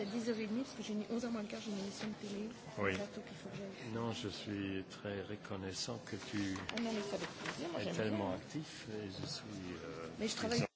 à 10h30 parce que j'ai n'ai 11h moins le quart, j'ai une émission de télé. Oui. Non, je suis très reconnaissant que tu es tellement actif et je suis. Euh, mais je travaille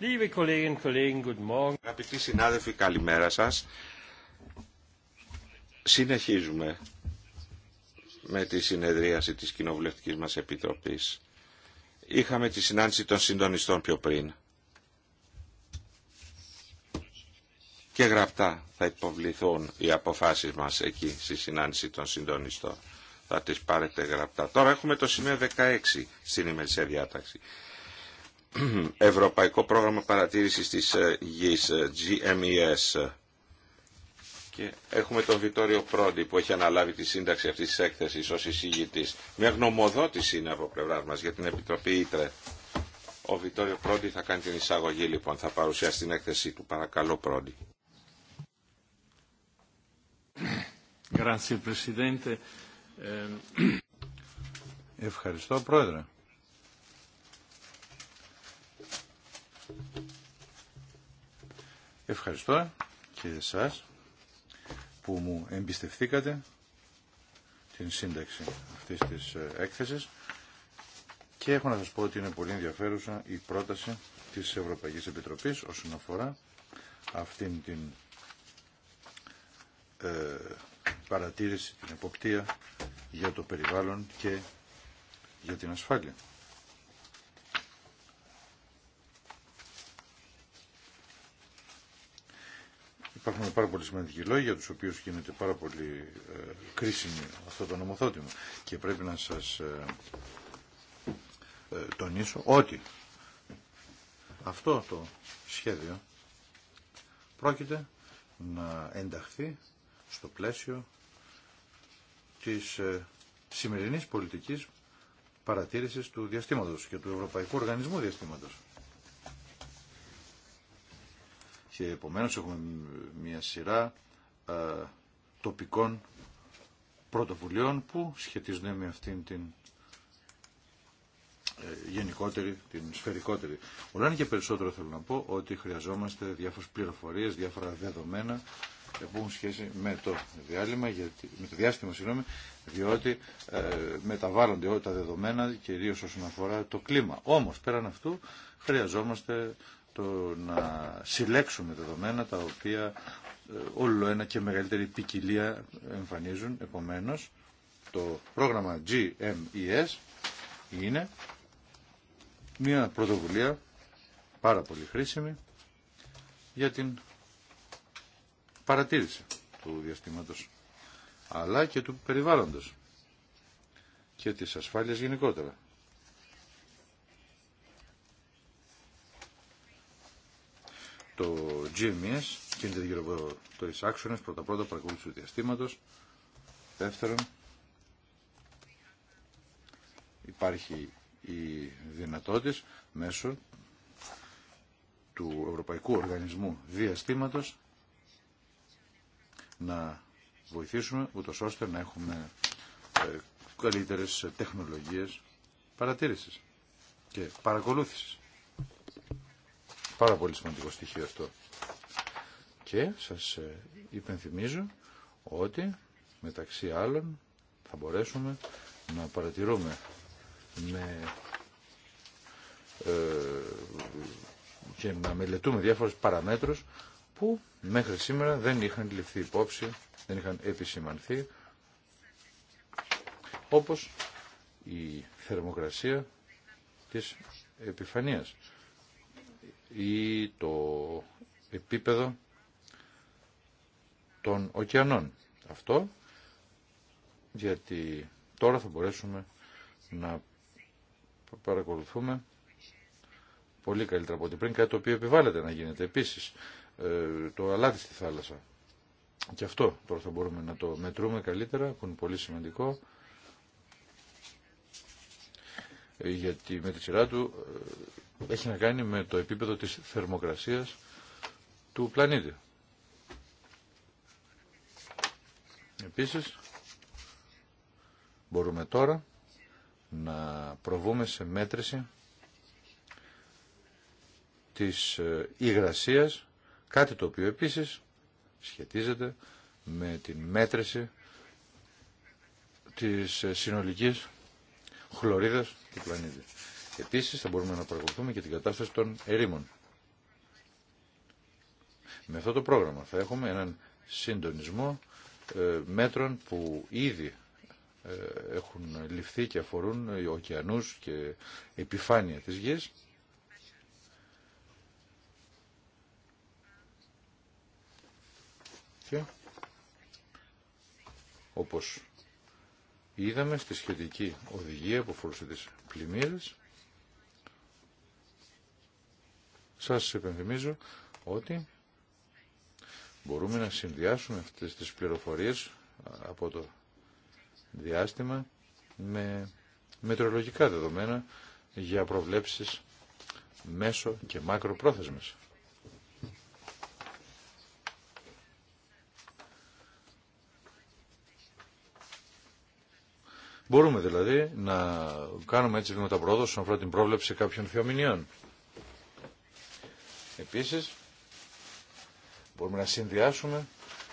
Liebe Kolleginnen, Kollegen, guten Morgen. Αγαπητοί συνάδελφοι, καλημέρα σας. Συνεχίζουμε με τη συνεδρίαση της κοινοβουλευτική μας Επιτροπής. Είχαμε τη συνάντηση των συντονιστών πιο πριν. Και γραπτά θα υποβληθούν οι αποφάσεις μας εκεί στη συνάντηση των συντονιστών. Θα τις πάρετε γραπτά. Τώρα έχουμε το σημείο 16 στην ημερησία διάταξη. Ευρωπαϊκό Πρόγραμμα Παρατήρησης της ε, Γης, ε, GMES. Και έχουμε τον Βιτόριο Πρόντι που έχει αναλάβει τη σύνταξη αυτής της έκθεσης ως εισηγητής. Μια γνωμοδότηση είναι από πλευρά μας για την Επιτροπή Ήτρε. Ο Βιτόριο Πρόντι θα κάνει την εισαγωγή λοιπόν, θα παρουσιάσει την έκθεση του. Παρακαλώ Πρόντι. Ε, Ευχαριστώ Πρόεδρε. Ευχαριστώ και εσάς που μου εμπιστευθήκατε την σύνταξη αυτής της ε, έκθεσης και έχω να σας πω ότι είναι πολύ ενδιαφέρουσα η πρόταση της Ευρωπαϊκής Επιτροπής όσον αφορά αυτήν την ε, παρατήρηση, την εποπτεία για το περιβάλλον και για την ασφάλεια. υπάρχουν πάρα πολύ σημαντικοί λόγοι για τους οποίους γίνεται πάρα πολύ ε, κρίσιμη αυτό το νομοθότημα και πρέπει να σας ε, ε, τονίσω ότι αυτό το σχέδιο πρόκειται να ενταχθεί στο πλαίσιο της ε, σημερινής πολιτικής παρατήρησης του διαστήματος και του Ευρωπαϊκού Οργανισμού Διαστήματος και επομένως έχουμε μια σειρά ε, τοπικών πρωτοβουλειών που σχετίζονται με αυτήν την ε, γενικότερη, την σφαιρικότερη. Όλα είναι και περισσότερο θέλω να πω ότι χρειαζόμαστε διάφορες πληροφορίες, διάφορα δεδομένα που έχουν σχέση με το, διάλειμμα, γιατί, με το διάστημα, συγγνώμη, διότι ε, μεταβάλλονται όλα τα δεδομένα κυρίως όσον αφορά το κλίμα. Όμως πέραν αυτού χρειαζόμαστε το να συλλέξουμε δεδομένα τα οποία ε, όλο ένα και μεγαλύτερη ποικιλία εμφανίζουν. Επομένως, το πρόγραμμα GMES είναι μια πρωτοβουλία πάρα πολύ χρήσιμη για την παρατήρηση του διαστήματος αλλά και του περιβάλλοντος και της ασφάλειας γενικότερα. το GMS, κινείται γύρω από το εισάξονες, πρωτα πρώτα-πρώτα παρακολούθηση του διαστήματος. Δεύτερον, υπάρχει η δυνατότητα μέσω του Ευρωπαϊκού Οργανισμού Διαστήματος να βοηθήσουμε ούτως ώστε να έχουμε ε, καλύτερες τεχνολογίες παρατήρησης και παρακολούθησης. Πάρα πολύ σημαντικό στοιχείο αυτό. Και σας ε, υπενθυμίζω ότι μεταξύ άλλων θα μπορέσουμε να παρατηρούμε με, ε, και να μελετούμε διάφορες παραμέτρους που μέχρι σήμερα δεν είχαν ληφθεί υπόψη, δεν είχαν επισημανθεί όπως η θερμοκρασία της επιφανείας ή το επίπεδο των ωκεανών. Αυτό γιατί τώρα θα μπορέσουμε να παρακολουθούμε πολύ καλύτερα από ό,τι πριν, κάτι το οποίο επιβάλλεται να γίνεται. Επίσης, ε, το αλάτι στη θάλασσα. Και αυτό τώρα θα μπορούμε να το μετρούμε καλύτερα, που είναι πολύ σημαντικό γιατί με τη σειρά του ε, έχει να κάνει με το επίπεδο της θερμοκρασίας του πλανήτη. Επίσης, μπορούμε τώρα να προβούμε σε μέτρηση της ε, υγρασίας, κάτι το οποίο επίσης σχετίζεται με την μέτρηση της ε, συνολικής χλωρίδας του πλανήτη. Επίσης θα μπορούμε να παρακολουθούμε και την κατάσταση των ερήμων. Με αυτό το πρόγραμμα θα έχουμε έναν συντονισμό ε, μέτρων που ήδη ε, έχουν ληφθεί και αφορούν οι ωκεανούς και επιφάνεια της γης. Και όπως είδαμε στη σχετική οδηγία που φορούσε τις πλημμύρες. Σας επενθυμίζω ότι μπορούμε να συνδυάσουμε αυτές τις πληροφορίες από το διάστημα με μετρολογικά δεδομένα για προβλέψεις μέσο και μάκρο πρόθεσμες. Μπορούμε δηλαδή να κάνουμε έτσι βήματα πρόοδο όσον αφορά την πρόβλεψη κάποιων θεομηνιών. Επίσης, μπορούμε να συνδυάσουμε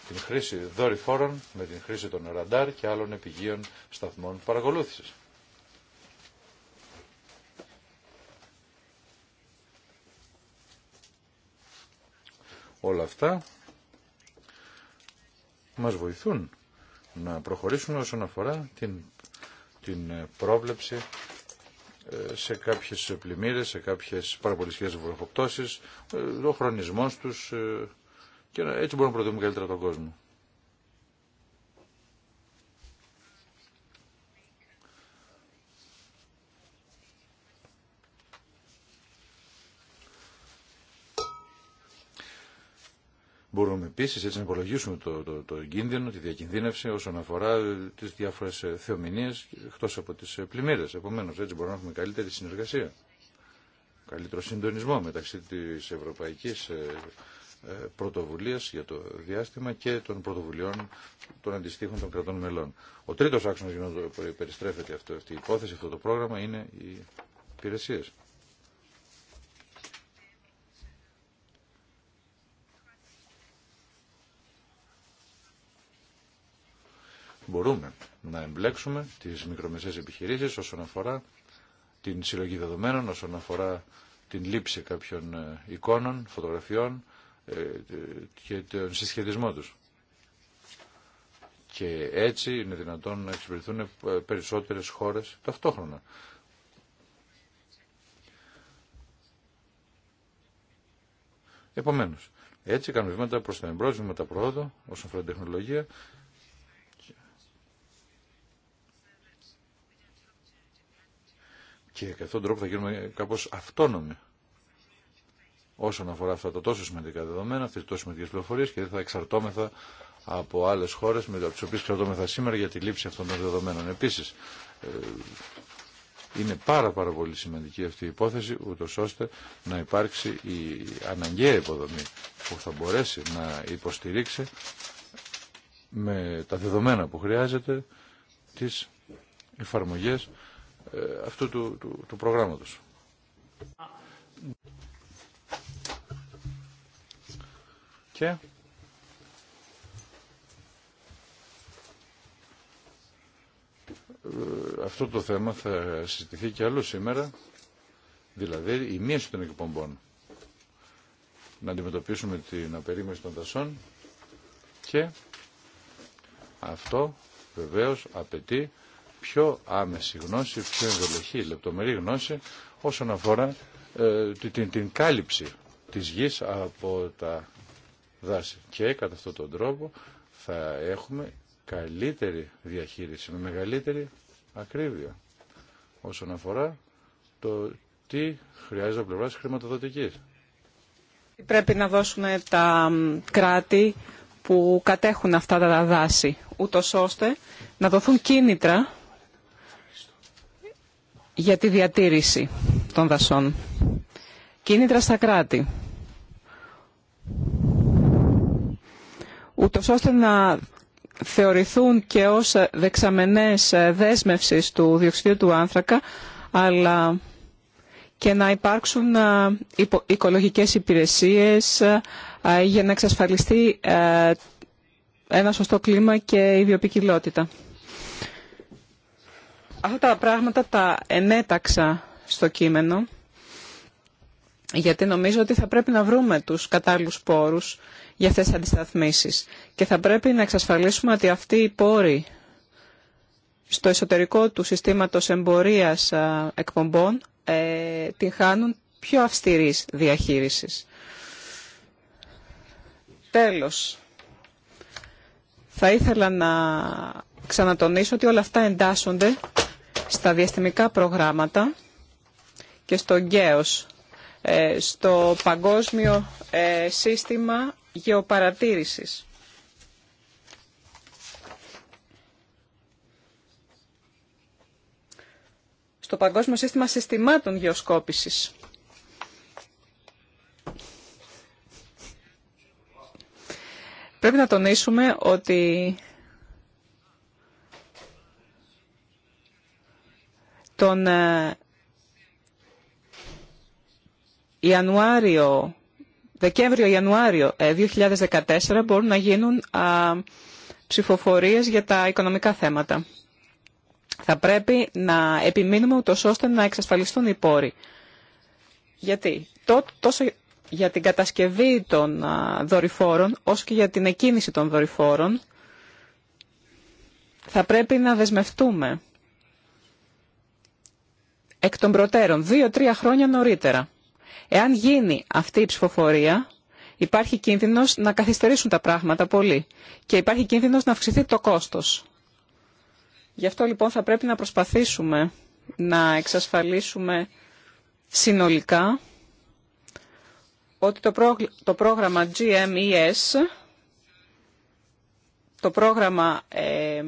την χρήση δορυφόρων με την χρήση των ραντάρ και άλλων επιγείων σταθμών παρακολούθηση. Όλα αυτά μας βοηθούν να προχωρήσουμε όσον αφορά την την ε, πρόβλεψη ε, σε κάποιες πλημμύρες, σε κάποιες πάρα πολύ σχέσεις βροχοπτώσεις, ε, ο χρονισμός τους και έτσι μπορούμε να προτείνουμε καλύτερα τον κόσμο. Μπορούμε επίση έτσι να υπολογίσουμε το, το, το κίνδυνο, τη διακινδύνευση όσον αφορά ε, τι διάφορε θεομηνίε εκτό από τι ε, πλημμύρε. Επομένω, έτσι μπορούμε να έχουμε καλύτερη συνεργασία, καλύτερο συντονισμό μεταξύ τη Ευρωπαϊκή ε, πρωτοβουλία για το διάστημα και των πρωτοβουλειών των αντιστοίχων των κρατών μελών. Ο τρίτο άξονα για να περιστρέφεται αυτή η υπόθεση, αυτό το πρόγραμμα είναι οι υπηρεσίε. μπορούμε να εμπλέξουμε τις μικρομεσαίες επιχειρήσεις όσον αφορά την συλλογή δεδομένων, όσον αφορά την λήψη κάποιων ε, εικόνων, φωτογραφιών ε, και τον συσχετισμό τους. Και έτσι είναι δυνατόν να εξυπηρετούν ε, περισσότερες χώρες ταυτόχρονα. Επομένως, έτσι κάνουμε βήματα προς τα εμπρός, τα πρόοδο όσον αφορά την τεχνολογία και κατά αυτόν τον τρόπο θα γίνουμε κάπως αυτόνομοι όσον αφορά αυτά τα τόσο σημαντικά δεδομένα, αυτές τις τόσο σημαντικές πληροφορίες και δεν θα εξαρτώμεθα από άλλες χώρες με τις οποίες εξαρτώμεθα σήμερα για τη λήψη αυτών των δεδομένων. Επίσης, ε, είναι πάρα πάρα πολύ σημαντική αυτή η υπόθεση, ούτω ώστε να υπάρξει η αναγκαία υποδομή που θα μπορέσει να υποστηρίξει με τα δεδομένα που χρειάζεται τις εφαρμογές ε, αυτού του, του, προγράμματος. Και... Ε, αυτό το θέμα θα συζητηθεί και άλλο σήμερα, δηλαδή η μείωση των εκπομπών. Να αντιμετωπίσουμε την απερίμεση των δασών και αυτό βεβαίως απαιτεί πιο άμεση γνώση, πιο ενδελεχή, λεπτομερή γνώση όσον αφορά ε, την, την κάλυψη της γης από τα δάση. Και κατά αυτόν τον τρόπο θα έχουμε καλύτερη διαχείριση, με μεγαλύτερη ακρίβεια όσον αφορά το τι χρειάζεται από πλευράς χρηματοδοτικής. Πρέπει να δώσουμε τα κράτη που κατέχουν αυτά τα δάση, ούτως ώστε να δοθούν κίνητρα για τη διατήρηση των δασών. Κίνητρα στα κράτη. Ούτως ώστε να θεωρηθούν και ως δεξαμενές δέσμευσης του διοξιδίου του άνθρακα, αλλά και να υπάρξουν ε, οικολογικές υπηρεσίες ε, για να εξασφαλιστεί ε, ένα σωστό κλίμα και η βιοπικιλότητα. Αυτά τα πράγματα τα ενέταξα στο κείμενο, γιατί νομίζω ότι θα πρέπει να βρούμε τους κατάλληλους πόρους για αυτές τις αντισταθμίσεις και θα πρέπει να εξασφαλίσουμε ότι αυτοί οι πόροι στο εσωτερικό του συστήματος εμπορίας εκπομπών ε, την χάνουν πιο αυστηρής διαχείρισης. Τέλος, θα ήθελα να ξανατονίσω ότι όλα αυτά εντάσσονται στα διαστημικά προγράμματα και στο ΓΚΕΟΣ, ε, στο Παγκόσμιο ε, Σύστημα Γεωπαρατήρησης. Στο Παγκόσμιο Σύστημα Συστημάτων Γεωσκόπησης. Πρέπει να τονίσουμε ότι τον ε, Ιανουάριο, Δεκέμβριο-Ιανουάριο 2014 ε, μπορούν να γίνουν ψηφοφορίες για τα οικονομικά θέματα. Θα πρέπει να επιμείνουμε ούτως ώστε να εξασφαλιστούν οι πόροι. Γιατί τόσο για την κατασκευή των δορυφόρων όσο και για την εκκίνηση των δορυφόρων θα πρέπει να δεσμευτούμε εκ των προτέρων, δύο-τρία χρόνια νωρίτερα. Εάν γίνει αυτή η ψηφοφορία, υπάρχει κίνδυνος να καθυστερήσουν τα πράγματα πολύ και υπάρχει κίνδυνος να αυξηθεί το κόστος. Γι' αυτό λοιπόν θα πρέπει να προσπαθήσουμε να εξασφαλίσουμε συνολικά ότι το, το πρόγραμμα GMES, το πρόγραμμα ε,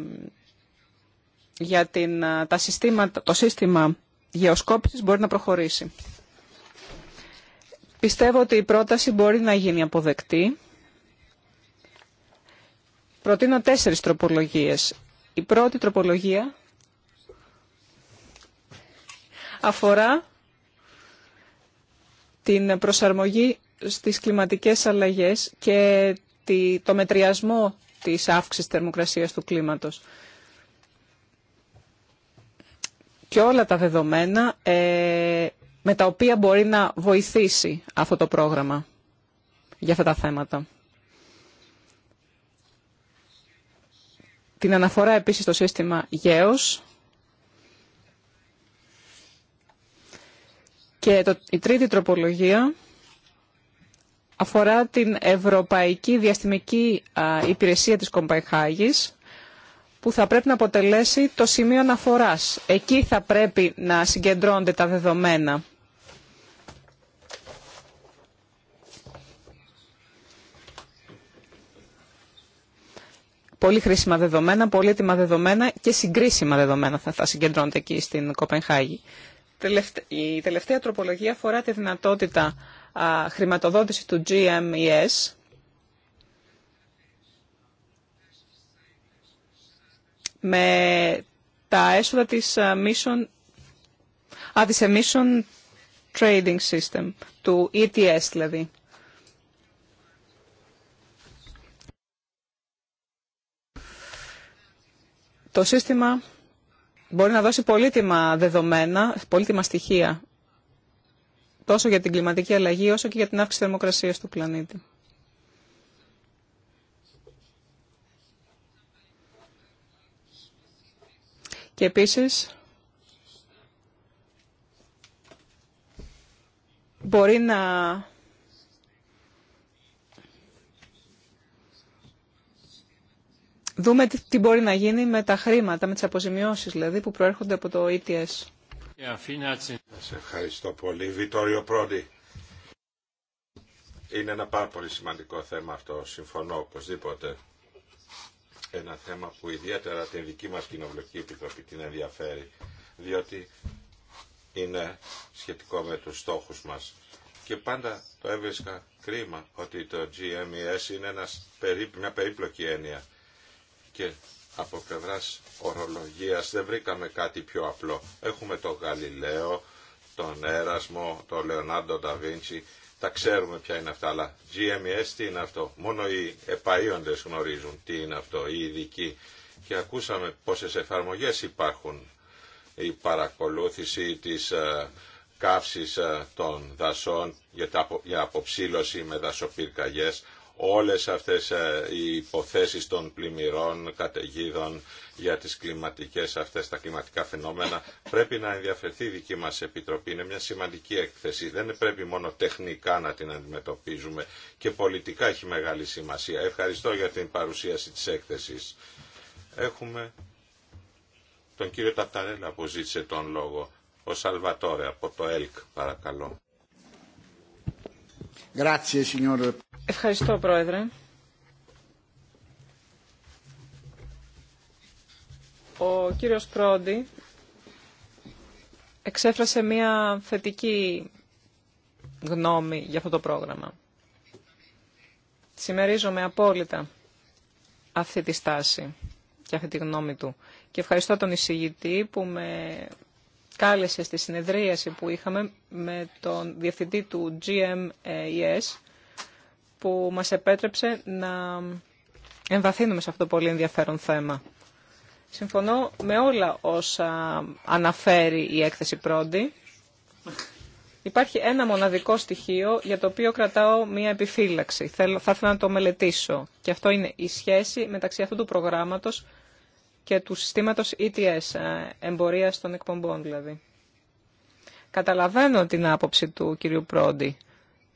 για την, τα συστήματα, το σύστημα γεωσκόπησης μπορεί να προχωρήσει. Πιστεύω ότι η πρόταση μπορεί να γίνει αποδεκτή. Προτείνω τέσσερις τροπολογίες. Η πρώτη τροπολογία αφορά την προσαρμογή στις κλιματικές αλλαγές και το μετριασμό της αύξησης θερμοκρασίας του κλίματος και όλα τα δεδομένα ε, με τα οποία μπορεί να βοηθήσει αυτό το πρόγραμμα για αυτά τα θέματα. Την αναφορά επίσης στο σύστημα ΓΕΟΣ και το, η τρίτη τροπολογία αφορά την Ευρωπαϊκή Διαστημική Υπηρεσία της Κομπαϊχάγης που θα πρέπει να αποτελέσει το σημείο αναφοράς. Εκεί θα πρέπει να συγκεντρώνονται τα δεδομένα. Πολύ χρήσιμα δεδομένα, έτοιμα δεδομένα και συγκρίσιμα δεδομένα θα, θα συγκεντρώνονται εκεί στην Κοπενχάγη. Η τελευταία τροπολογία αφορά τη δυνατότητα χρηματοδότηση του GMES, με τα έσοδα της Mission, ε, α, Emission Trading System, του ETS δηλαδή. Το σύστημα μπορεί να δώσει πολύτιμα δεδομένα, πολύτιμα στοιχεία, τόσο για την κλιματική αλλαγή όσο και για την αύξηση θερμοκρασίας του πλανήτη. Και επίσης μπορεί να δούμε τι μπορεί να γίνει με τα χρήματα, με τις αποζημιώσεις δηλαδή που προέρχονται από το ETS. Σας ευχαριστώ πολύ. Βιτόριο Πρόντι. Είναι ένα πάρα πολύ σημαντικό θέμα αυτό. Συμφωνώ οπωσδήποτε ένα θέμα που ιδιαίτερα την δική μας Κοινοβουλευτική Επιτροπή την ενδιαφέρει, διότι είναι σχετικό με τους στόχους μας. Και πάντα το έβρισκα κρίμα ότι το GMES είναι μια περίπλοκη έννοια και από πλευρά ορολογίας δεν βρήκαμε κάτι πιο απλό. Έχουμε τον Γαλιλαίο, τον Έρασμο, τον Λεωνάντο Νταβίντσι τα ξέρουμε ποια είναι αυτά, αλλά GMS e τι είναι αυτό. Μόνο οι επαΐοντες γνωρίζουν τι είναι αυτό, οι ειδικοί. Και ακούσαμε πόσες εφαρμογές υπάρχουν. Η παρακολούθηση της ε, καύσης ε, των δασών για αποψήλωση με δασοπυρκαγιές όλες αυτές ε, οι υποθέσεις των πλημμυρών, καταιγίδων για τις κλιματικές αυτές τα κλιματικά φαινόμενα πρέπει να ενδιαφερθεί η δική μας Επιτροπή. Είναι μια σημαντική έκθεση. Δεν πρέπει μόνο τεχνικά να την αντιμετωπίζουμε και πολιτικά έχει μεγάλη σημασία. Ευχαριστώ για την παρουσίαση της έκθεσης. Έχουμε τον κύριο Ταπταρέλα που ζήτησε τον λόγο. Ο Σαλβατόρε από το ΕΛΚ, παρακαλώ. Ευχαριστώ, Πρόεδρε. Ο κύριος Πρόντι εξέφρασε μια θετική γνώμη για αυτό το πρόγραμμα. Συμμερίζομαι απόλυτα αυτή τη στάση και αυτή τη γνώμη του. Και ευχαριστώ τον εισηγητή που με κάλεσε στη συνεδρίαση που είχαμε με τον διευθυντή του GMES που μας επέτρεψε να εμβαθύνουμε σε αυτό το πολύ ενδιαφέρον θέμα. Συμφωνώ με όλα όσα αναφέρει η έκθεση Πρόντι. Υπάρχει ένα μοναδικό στοιχείο για το οποίο κρατάω μία επιφύλαξη. Θέλω, θα ήθελα να το μελετήσω. Και αυτό είναι η σχέση μεταξύ αυτού του προγράμματος και του συστήματος ETS, ε, εμπορίας των εκπομπών δηλαδή. Καταλαβαίνω την άποψη του κυρίου Πρόντι.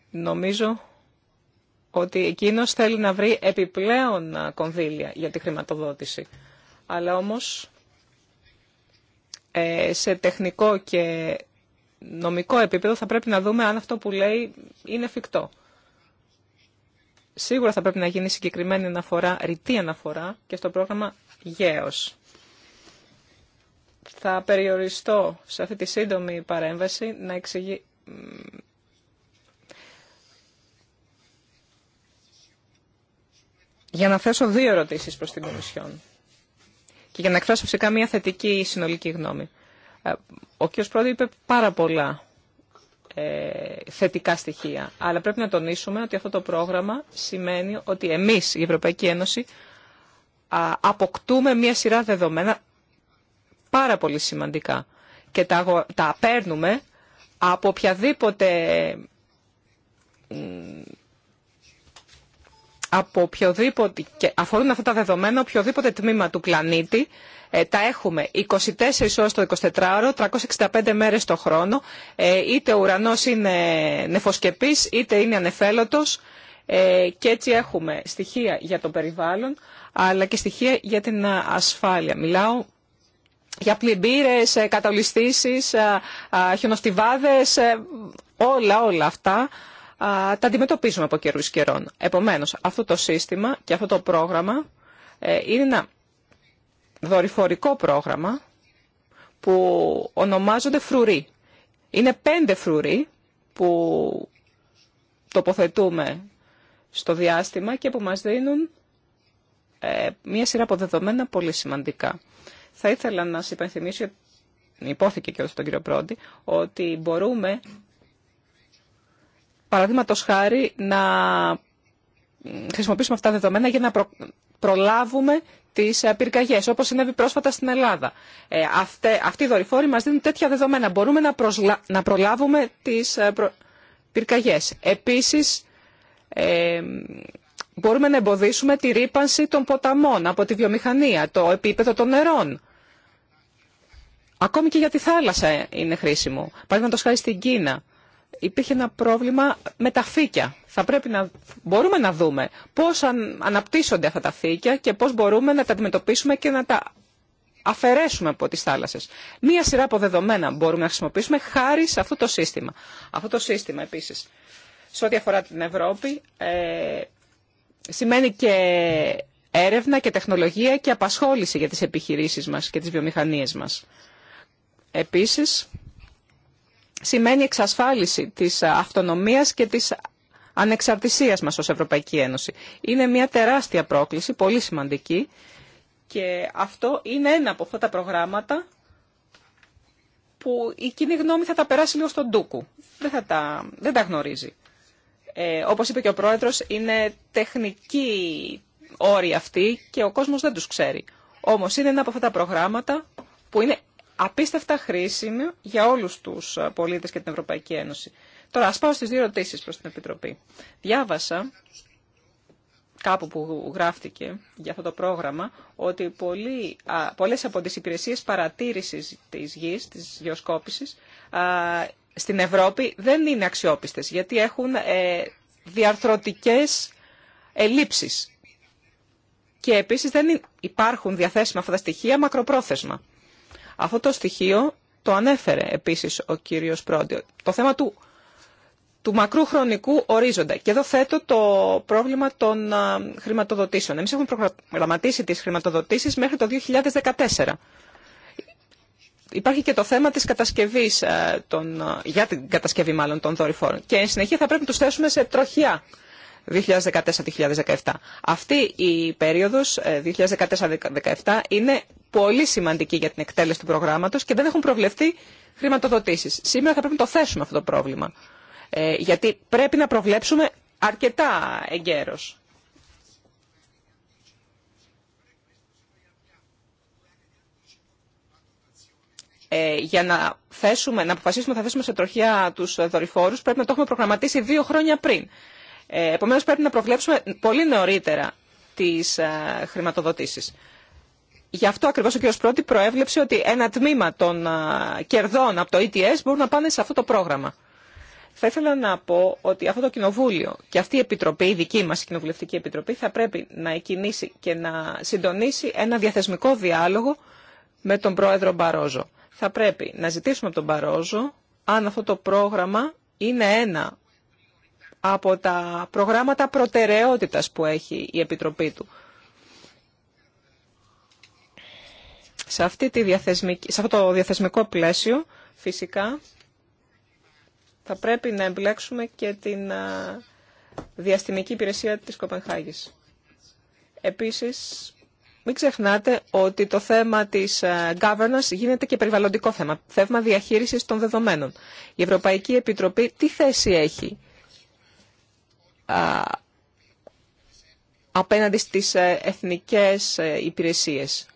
Νομίζω ότι εκείνο θέλει να βρει επιπλέον κονδύλια για τη χρηματοδότηση. Αλλά όμως ε, σε τεχνικό και νομικό επίπεδο θα πρέπει να δούμε αν αυτό που λέει είναι εφικτό. Σίγουρα θα πρέπει να γίνει συγκεκριμένη αναφορά, ρητή αναφορά και στο πρόγραμμα ΓΕΟΣ. Θα περιοριστώ σε αυτή τη σύντομη παρέμβαση να, εξηγήσω για να θέσω δύο ερωτήσεις προς την Κομισιόν και για να εκφράσω φυσικά μια θετική συνολική γνώμη. Ε, ο κ. Πρόεδρε είπε πάρα πολλά ε, θετικά στοιχεία, αλλά πρέπει να τονίσουμε ότι αυτό το πρόγραμμα σημαίνει ότι εμείς, η Ευρωπαϊκή Ένωση, αποκτούμε μια σειρά δεδομένα πάρα πολύ σημαντικά και τα, τα παίρνουμε από οποιαδήποτε από και αφορούν αυτά τα δεδομένα οποιοδήποτε τμήμα του πλανήτη. Ε, τα έχουμε 24 ώρες το 24ωρο, 365 μέρες το χρόνο. Ε, είτε ο ουρανός είναι νεφοσκεπής, είτε είναι ανεφέλωτος. Ε, και έτσι έχουμε στοιχεία για το περιβάλλον, αλλά και στοιχεία για την ασφάλεια. Μιλάω για πλημμύρες, καταολιστήσεις, χιονοστιβάδες, όλα όλα αυτά τα αντιμετωπίζουμε από καιρού καιρών. Επομένω, αυτό το σύστημα και αυτό το πρόγραμμα ε, είναι ένα δορυφορικό πρόγραμμα που ονομάζονται φρουροί. Είναι πέντε φρουροί που τοποθετούμε στο διάστημα και που μας δίνουν ε, μία σειρά από δεδομένα πολύ σημαντικά. Θα ήθελα να σας υπενθυμίσω, υπόθηκε και τον κύριο Πρόντι, ότι μπορούμε παραδείγματο χάρη να χρησιμοποιήσουμε αυτά τα δεδομένα για να προλάβουμε τι ε, πυρκαγιέ, όπω συνέβη πρόσφατα στην Ελλάδα. Ε, αυτοί οι δορυφόροι μα δίνουν τέτοια δεδομένα. Μπορούμε να, να προλάβουμε τι ε, προ... πυρκαγιέ. Επίση, ε, μπορούμε να εμποδίσουμε τη ρήπανση των ποταμών από τη βιομηχανία, το επίπεδο των νερών. Ακόμη και για τη θάλασσα είναι χρήσιμο. Παραδείγματο χάρη στην Κίνα υπήρχε ένα πρόβλημα με τα φύκια. Θα πρέπει να μπορούμε να δούμε πώς αναπτύσσονται αυτά τα φύκια και πώς μπορούμε να τα αντιμετωπίσουμε και να τα αφαιρέσουμε από τις θάλασσες. Μία σειρά από δεδομένα μπορούμε να χρησιμοποιήσουμε χάρη σε αυτό το σύστημα. Αυτό το σύστημα επίσης, σε ό,τι αφορά την Ευρώπη, ε, σημαίνει και έρευνα και τεχνολογία και απασχόληση για τις επιχειρήσεις μας και τις βιομηχανίες μας. Επίσης, σημαίνει εξασφάλιση της αυτονομίας και της ανεξαρτησίας μας ως Ευρωπαϊκή Ένωση. Είναι μια τεράστια πρόκληση, πολύ σημαντική και αυτό είναι ένα από αυτά τα προγράμματα που η κοινή γνώμη θα τα περάσει λίγο στον Τούκου. Δεν, θα τα, δεν τα γνωρίζει. Ε, όπως είπε και ο πρόεδρος, είναι τεχνική όρη αυτή και ο κόσμος δεν τους ξέρει. Όμως είναι ένα από αυτά τα προγράμματα που είναι απίστευτα χρήσιμη για όλους τους ε, πολίτες και την Ευρωπαϊκή Ένωση. Τώρα, ας πάω στις δύο ερωτήσεις προς την Επιτροπή. Διάβασα κάπου που γράφτηκε για αυτό το πρόγραμμα, ότι πολλοί, πολλές από τις υπηρεσίες παρατήρησης της γης, της γεωσκόπησης, στην Ευρώπη δεν είναι αξιόπιστες, γιατί έχουν ε, διαρθρωτικές ελλείψεις. Και επίσης δεν υπάρχουν διαθέσιμα αυτά τα στοιχεία μακροπρόθεσμα. Αυτό το στοιχείο το ανέφερε επίσης ο κύριος Πρόντιο. Το θέμα του, του μακρού χρονικού ορίζοντα. Και εδώ θέτω το πρόβλημα των χρηματοδοτήσεων. Εμείς έχουμε προγραμματίσει τις χρηματοδοτήσεις μέχρι το 2014. Υπάρχει και το θέμα της κατασκευής, ε, των, για την κατασκευή μάλλον των δορυφόρων. Και εν συνεχεία θα πρέπει να τους θέσουμε σε τροχιά 2014-2017. Αυτή η περίοδος 2014-2017 ε, είναι πολύ σημαντική για την εκτέλεση του προγράμματος και δεν έχουν προβλεφθεί χρηματοδοτήσεις. Σήμερα θα πρέπει να το θέσουμε αυτό το πρόβλημα. Ε, γιατί πρέπει να προβλέψουμε αρκετά εγκαίρως. Ε, για να, θέσουμε, να αποφασίσουμε θα θέσουμε σε τροχιά τους δορυφόρους πρέπει να το έχουμε προγραμματίσει δύο χρόνια πριν. Ε, επομένως πρέπει να προβλέψουμε πολύ νωρίτερα τις ε, χρηματοδοτήσεις. Γι' αυτό ακριβώς ο κ. Πρώτη προέβλεψε ότι ένα τμήμα των ε, κερδών από το ETS μπορούν να πάνε σε αυτό το πρόγραμμα. Θα ήθελα να πω ότι αυτό το κοινοβούλιο και αυτή η επιτροπή, η δική μας κοινοβουλευτική επιτροπή, θα πρέπει να εκκινήσει και να συντονίσει ένα διαθεσμικό διάλογο με τον πρόεδρο Μπαρόζο. Θα πρέπει να ζητήσουμε από τον Μπαρόζο αν αυτό το πρόγραμμα είναι ένα από τα προγράμματα προτεραιότητας που έχει η Επιτροπή του. Σε, αυτό το διαθεσμικό πλαίσιο, φυσικά, θα πρέπει να εμπλέξουμε και την διαστημική υπηρεσία της Κοπενχάγης. Επίσης, μην ξεχνάτε ότι το θέμα της governance γίνεται και περιβαλλοντικό θέμα, θέμα διαχείρισης των δεδομένων. Η Ευρωπαϊκή Επιτροπή τι θέση έχει απέναντι στις ε, εθνικές ε, υπηρεσίες.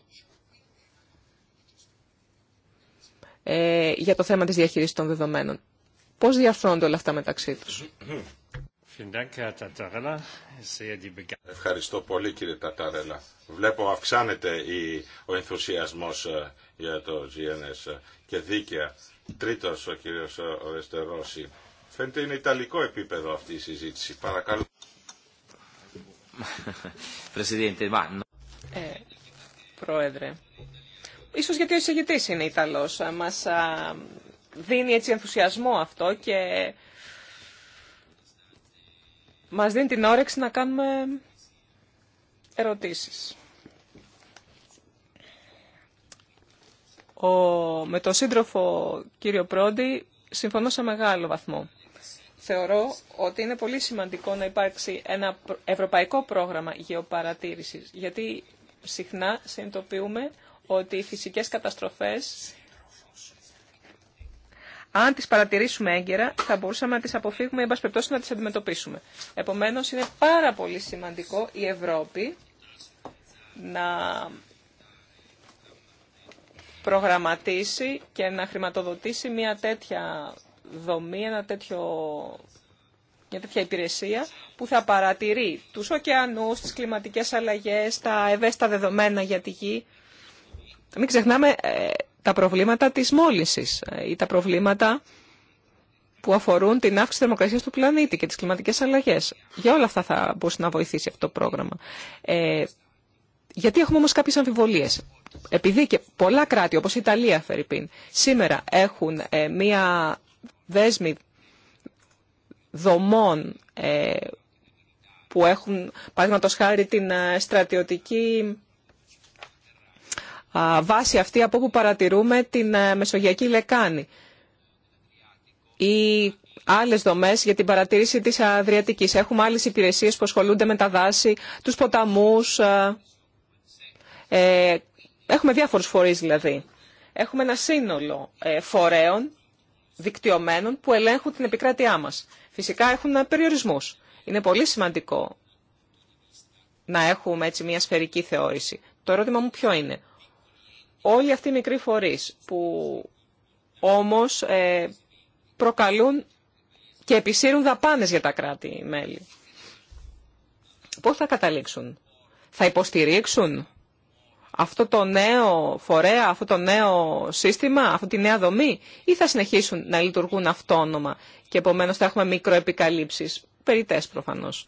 Ε, για το θέμα της διαχείρισης των δεδομένων. Πώς διαφρώνονται όλα αυτά μεταξύ τους. Ευχαριστώ πολύ κύριε Ταταρέλα. Βλέπω αυξάνεται ο ενθουσιασμός για το GNS και δίκαια. Τρίτος ο κύριος Ορεστερόση. Φαίνεται είναι ιταλικό επίπεδο αυτή η συζήτηση. Παρακαλώ. Ε, πρόεδρε, ίσως γιατί ο εισηγητής είναι Ιταλός. Ε, μας ε, δίνει έτσι ενθουσιασμό αυτό και μας δίνει την όρεξη να κάνουμε ερωτήσεις. Ο, με τον σύντροφο κύριο Πρόντι συμφωνώ σε μεγάλο βαθμό θεωρώ ότι είναι πολύ σημαντικό να υπάρξει ένα ευρωπαϊκό πρόγραμμα γεωπαρατήρησης, γιατί συχνά συνειδητοποιούμε ότι οι φυσικές καταστροφές, αν τις παρατηρήσουμε έγκαιρα, θα μπορούσαμε να τις αποφύγουμε, ή εν να τις αντιμετωπίσουμε. Επομένως, είναι πάρα πολύ σημαντικό η Ευρώπη να προγραμματίσει και να χρηματοδοτήσει μια τέτοια δομή, ένα τέτοιο, μια τέτοια υπηρεσία που θα παρατηρεί τους ωκεανούς, τις κλιματικές αλλαγές, τα ευαίσθητα δεδομένα για τη γη. Μην ξεχνάμε ε, τα προβλήματα της μόλυνσης ε, ή τα προβλήματα που αφορούν την αύξηση της θερμοκρασίας του πλανήτη και τις κλιματικές αλλαγές. Για όλα αυτά θα μπορούσε να βοηθήσει αυτό το πρόγραμμα. Ε, γιατί έχουμε όμως κάποιες αμφιβολίες. Επειδή και πολλά κράτη, όπως η Ιταλία, Φερρυπίν, σήμερα έχουν ε, μία δέσμοι δομών ε, που έχουν, παραδείγματο χάρη, την ε, στρατιωτική βάση αυτή από όπου παρατηρούμε την ε, Μεσογειακή Λεκάνη ή άλλες δομές για την παρατήρηση της Αδριατικής. Έχουμε άλλες υπηρεσίες που ασχολούνται με τα δάση, τους ποταμούς. Έχουμε διάφορους φορείς δηλαδή. Έχουμε ένα σύνολο φορέων δικτυωμένων που ελέγχουν την επικράτειά μας. Φυσικά έχουν περιορισμούς. Είναι πολύ σημαντικό να έχουμε έτσι μια σφαιρική θεώρηση. Το ερώτημα μου ποιο είναι. Όλοι αυτοί οι μικροί φορείς που όμως ε, προκαλούν και επισύρουν δαπάνες για τα κράτη-μέλη. Πώς θα καταλήξουν. Θα υποστηρίξουν αυτό το νέο φορέα, αυτό το νέο σύστημα, αυτή τη νέα δομή ή θα συνεχίσουν να λειτουργούν αυτόνομα και επομένως θα έχουμε μικροεπικαλύψεις, περιτές προφανώς.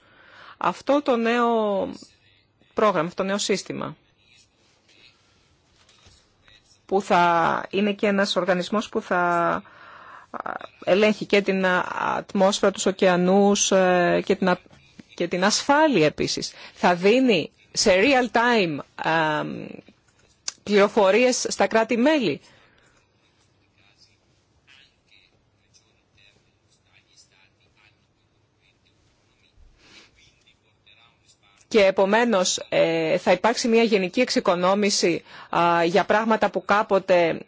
Αυτό το νέο πρόγραμμα, αυτό το νέο σύστημα που θα είναι και ένας οργανισμός που θα ελέγχει και την ατμόσφαιρα, τους ωκεανούς ε, και την, και την ασφάλεια επίσης. Θα δίνει σε real time α, πληροφορίες στα κράτη-μέλη. Και επομένως ε, θα υπάρξει μια γενική εξοικονόμηση για πράγματα που κάποτε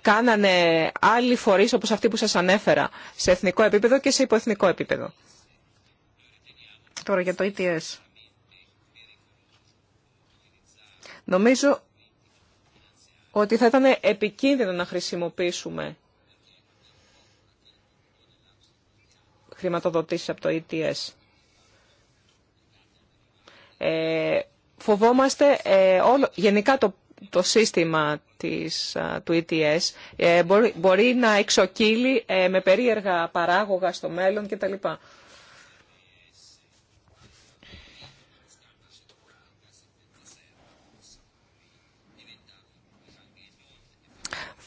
κάνανε άλλοι φορείς όπως αυτή που σας ανέφερα σε εθνικό επίπεδο και σε υποεθνικό επίπεδο τώρα για το ETS. Νομίζω ότι θα ήταν επικίνδυνο να χρησιμοποιήσουμε χρηματοδοτήσεις από το ETS. Ε, φοβόμαστε ε, όλο, γενικά το, το σύστημα της, του ETS ε, μπορεί, μπορεί, να εξοκύλει ε, με περίεργα παράγωγα στο μέλλον κτλ.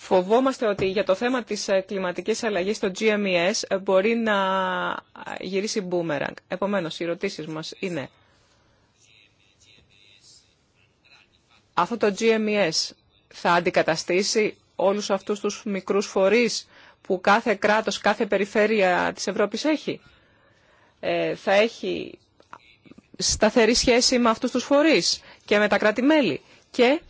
Φοβόμαστε ότι για το θέμα της ε, κλιματικής αλλαγής το GMES ε, μπορεί να ε, γυρίσει μπούμεραγκ. Επομένως, οι ερωτήσεις μας είναι αυτό το GMES θα αντικαταστήσει όλους αυτούς τους μικρούς φορείς που κάθε κράτος, κάθε περιφέρεια της Ευρώπης έχει. θα έχει σταθερή σχέση με αυτούς τους φορείς και με τα κράτη-μέλη. Και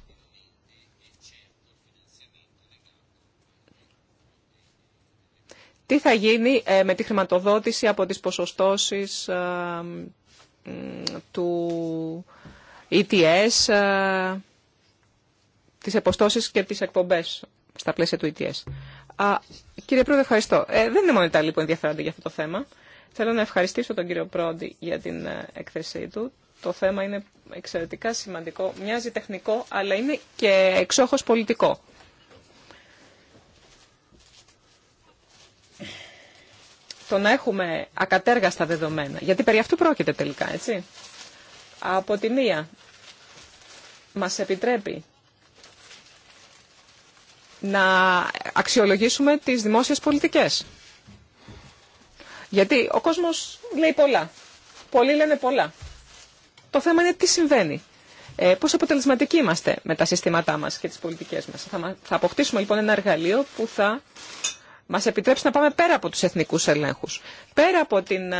Τι θα γίνει ε, με τη χρηματοδότηση από τις ποσοστώσεις ε, του ETS, ε, τις εποστώσεις και τις εκπομπές στα πλαίσια του ETS. Κύριε Πρόεδρε, ευχαριστώ. δεν είναι μόνο οι Ιταλοί που ενδιαφέρονται για αυτό το θέμα. Θέλω να ευχαριστήσω τον κύριο Πρόντι για την έκθεσή του. Το θέμα είναι εξαιρετικά σημαντικό. Μοιάζει τεχνικό, αλλά είναι και εξόχως πολιτικό. το να έχουμε ακατέργαστα δεδομένα. Γιατί περί αυτού πρόκειται τελικά, έτσι. Από τη μία, μας επιτρέπει να αξιολογήσουμε τις δημόσιες πολιτικές. Γιατί ο κόσμος λέει πολλά. Πολλοί λένε πολλά. Το θέμα είναι τι συμβαίνει. Ε, πώς αποτελεσματικοί είμαστε με τα συστήματά μας και τις πολιτικές μας. Θα, αποκτήσουμε λοιπόν ένα εργαλείο που θα μας επιτρέψει να πάμε πέρα από τους εθνικούς ελέγχους. Πέρα από την ε,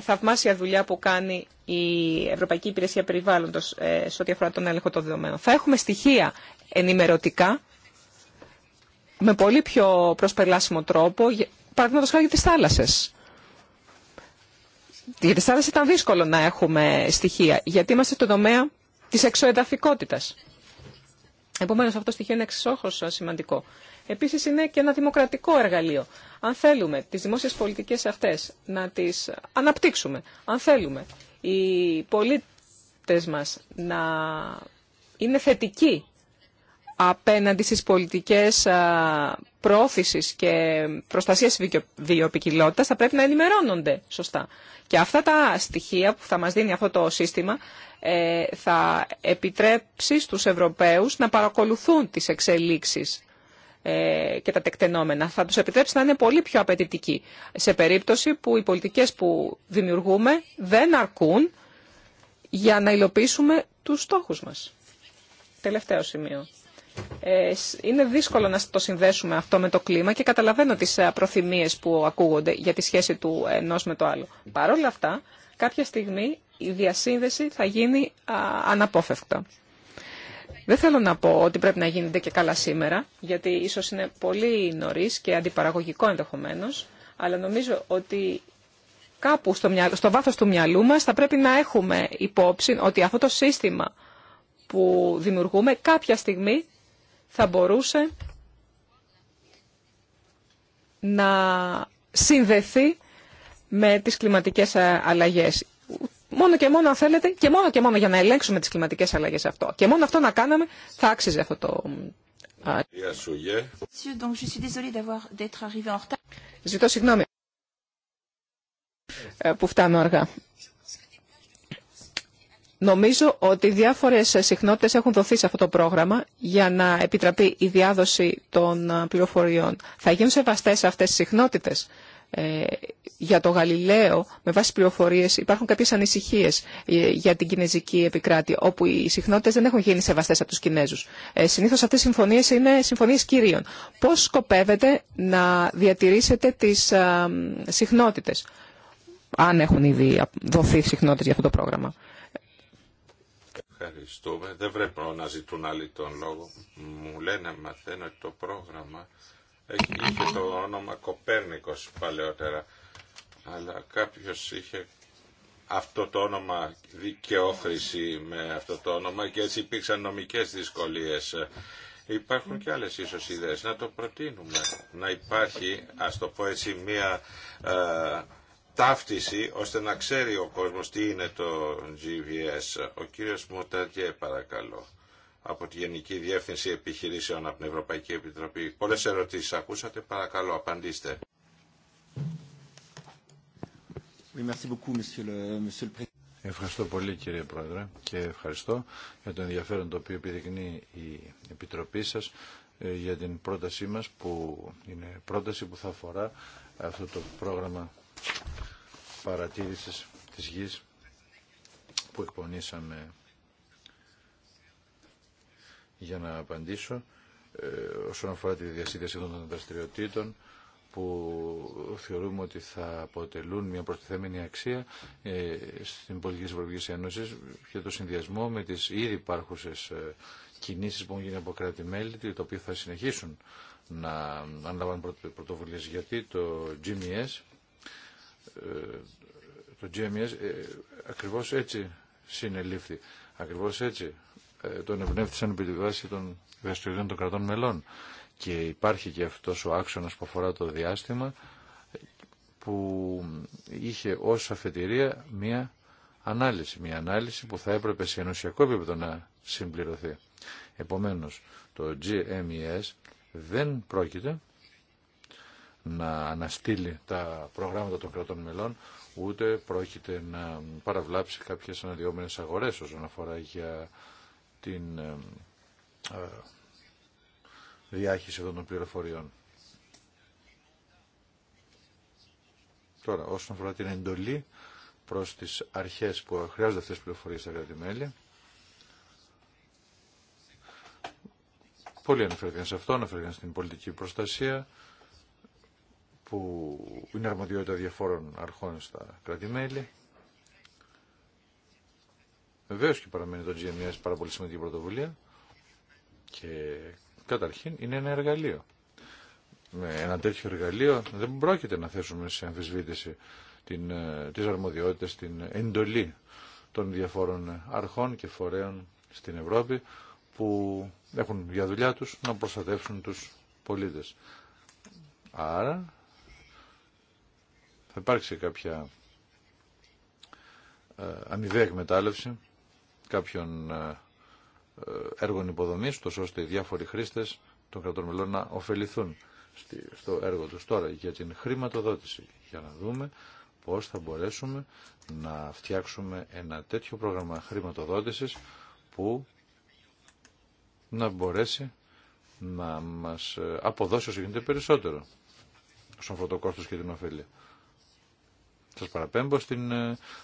θαυμάσια δουλειά που κάνει η Ευρωπαϊκή Υπηρεσία Περιβάλλοντος ε, σε ό,τι αφορά τον έλεγχο των δεδομένων. Θα έχουμε στοιχεία ενημερωτικά με πολύ πιο προσπελάσιμο τρόπο, παραδείγματο χάρη για τις θάλασσες. Για τις θάλασσες ήταν δύσκολο να έχουμε στοιχεία, γιατί είμαστε στο τομέα της εξοεδαφικότητας. Επομένως αυτό το στοιχείο είναι εξόχως ε, σημαντικό. Επίσης είναι και ένα δημοκρατικό εργαλείο. Αν θέλουμε τις δημόσιες πολιτικές αυτές να τις αναπτύξουμε, αν θέλουμε οι πολίτες μας να είναι θετικοί απέναντι στις πολιτικές πρόθεσης και προστασίας βιοποικιλότητας θα πρέπει να ενημερώνονται σωστά. Και αυτά τα στοιχεία που θα μας δίνει αυτό το σύστημα ε, θα επιτρέψει στους Ευρωπαίους να παρακολουθούν τις εξελίξεις ε, και τα τεκτενόμενα. Θα τους επιτρέψει να είναι πολύ πιο απαιτητικοί σε περίπτωση που οι πολιτικές που δημιουργούμε δεν αρκούν για να υλοποιήσουμε τους στόχους μας. Τελευταίο σημείο. Ε, είναι δύσκολο να το συνδέσουμε αυτό με το κλίμα και καταλαβαίνω τις ε, προθυμίες που ακούγονται για τη σχέση του ενός με το άλλο. Παρ' όλα αυτά, κάποια στιγμή η διασύνδεση θα γίνει αναπόφευκτα. Δεν θέλω να πω ότι πρέπει να γίνεται και καλά σήμερα, γιατί ίσως είναι πολύ νωρίς και αντιπαραγωγικό ενδεχομένως, αλλά νομίζω ότι κάπου στο, βάθο βάθος του μυαλού μας θα πρέπει να έχουμε υπόψη ότι αυτό το σύστημα που δημιουργούμε κάποια στιγμή θα μπορούσε να συνδεθεί με τις κλιματικές ε, αλλαγές μόνο και μόνο αν θέλετε και μόνο και μόνο για να ελέγξουμε τις κλιματικές αλλαγές αυτό. Και μόνο αυτό να κάναμε θα άξιζε αυτό το... Ζητώ συγγνώμη ε, που φτάνω αργά. Νομίζω ότι διάφορες συχνότητες έχουν δοθεί σε αυτό το πρόγραμμα για να επιτραπεί η διάδοση των ε, πληροφοριών. Θα γίνουν σεβαστές αυτές οι συχνότητες. Ε, για το Γαλιλαίο, με βάση πληροφορίε, υπάρχουν κάποιε ανησυχίε ε, για την κινέζικη επικράτη, όπου οι συχνότητε δεν έχουν γίνει σεβαστέ από του Κινέζου. Ε, Συνήθω αυτέ οι συμφωνίε είναι συμφωνίε κυρίων. Πώ σκοπεύετε να διατηρήσετε τι ε, συχνότητε, αν έχουν ήδη δοθεί συχνότητε για αυτό το πρόγραμμα. Ευχαριστούμε. Δεν βρέπω να ζητούν άλλοι τον λόγο. Μου λένε, μαθαίνω ότι το πρόγραμμα Είχε το όνομα Κοπέρνικος παλαιότερα, αλλά κάποιος είχε αυτό το όνομα δικαιόχρηση με αυτό το όνομα και έτσι υπήρξαν νομικές δυσκολίες. Υπάρχουν και άλλες ίσως ιδέες. Να το προτείνουμε. Να υπάρχει, ας το πω έτσι, μία ε, ταύτιση ώστε να ξέρει ο κόσμος τι είναι το GVS. Ο κύριος Μουτατιέ παρακαλώ από τη Γενική Διεύθυνση Επιχειρήσεων από την Ευρωπαϊκή Επιτροπή. Πολλές ερωτήσεις ακούσατε, παρακαλώ απαντήστε. Ευχαριστώ πολύ κύριε Πρόεδρε και ευχαριστώ για το ενδιαφέρον το οποίο επιδεικνύει η Επιτροπή σας ε, για την πρότασή μας που είναι πρόταση που θα αφορά αυτό το πρόγραμμα παρατήρησης της γης που εκπονήσαμε για να απαντήσω ε, όσον αφορά τη διασύνδεση των δραστηριοτήτων που θεωρούμε ότι θα αποτελούν μια προστιθέμενη αξία ε, στην πολιτική της Ευρωπαϊκής Ένωσης και το συνδυασμό με τις ήδη υπάρχουσες ε, κινήσεις που έχουν γίνει από κράτη-μέλη, το οποία θα συνεχίσουν να αναλαμβάνουν πρωτοβουλίες. Γιατί το GMS, το GMS ακριβώς έτσι συνελήφθη, ακριβώς έτσι ε, τον εμπνεύτησαν επί τη βάση των δραστηριοτήτων των κρατών μελών. Και υπάρχει και αυτός ο άξονας που αφορά το διάστημα που είχε ως αφετηρία μία ανάλυση. Μία ανάλυση που θα έπρεπε σε ενωσιακό επίπεδο να συμπληρωθεί. Επομένως, το GMES δεν πρόκειται να αναστείλει τα προγράμματα των κρατών μελών, ούτε πρόκειται να παραβλάψει κάποιες αναδυόμενες αγορές όσον αφορά για την ε, ε, διάχυση αυτών των πληροφοριών. Τώρα, όσον αφορά την εντολή προς τις αρχές που χρειάζονται αυτές τις πληροφορίες στα κράτη-μέλη, πολλοί αναφέρθηκαν σε αυτό, αναφέρθηκαν στην πολιτική προστασία, που είναι αρμοδιότητα διαφόρων αρχών στα κράτη-μέλη. Βεβαίω και παραμένει το GMS πάρα πολύ σημαντική πρωτοβουλία και καταρχήν είναι ένα εργαλείο. Με ένα τέτοιο εργαλείο δεν πρόκειται να θέσουμε σε αμφισβήτηση την, ε, τις αρμοδιότητες, την εντολή των διαφόρων αρχών και φορέων στην Ευρώπη που έχουν για δουλειά τους να προστατεύσουν τους πολίτες. Άρα θα υπάρξει κάποια ε, αμοιβαία εκμετάλλευση κάποιων ε, ε, έργων υποδομής, τόσο ώστε οι διάφοροι χρήστες των κρατών μελών να ωφεληθούν στο έργο τους. Τώρα για την χρηματοδότηση, για να δούμε πώς θα μπορέσουμε να φτιάξουμε ένα τέτοιο πρόγραμμα χρηματοδότησης που να μπορέσει να μας ε, αποδώσει όσο γίνεται περισσότερο στον αυτό και την ωφέλεια. Σας παραπέμπω στην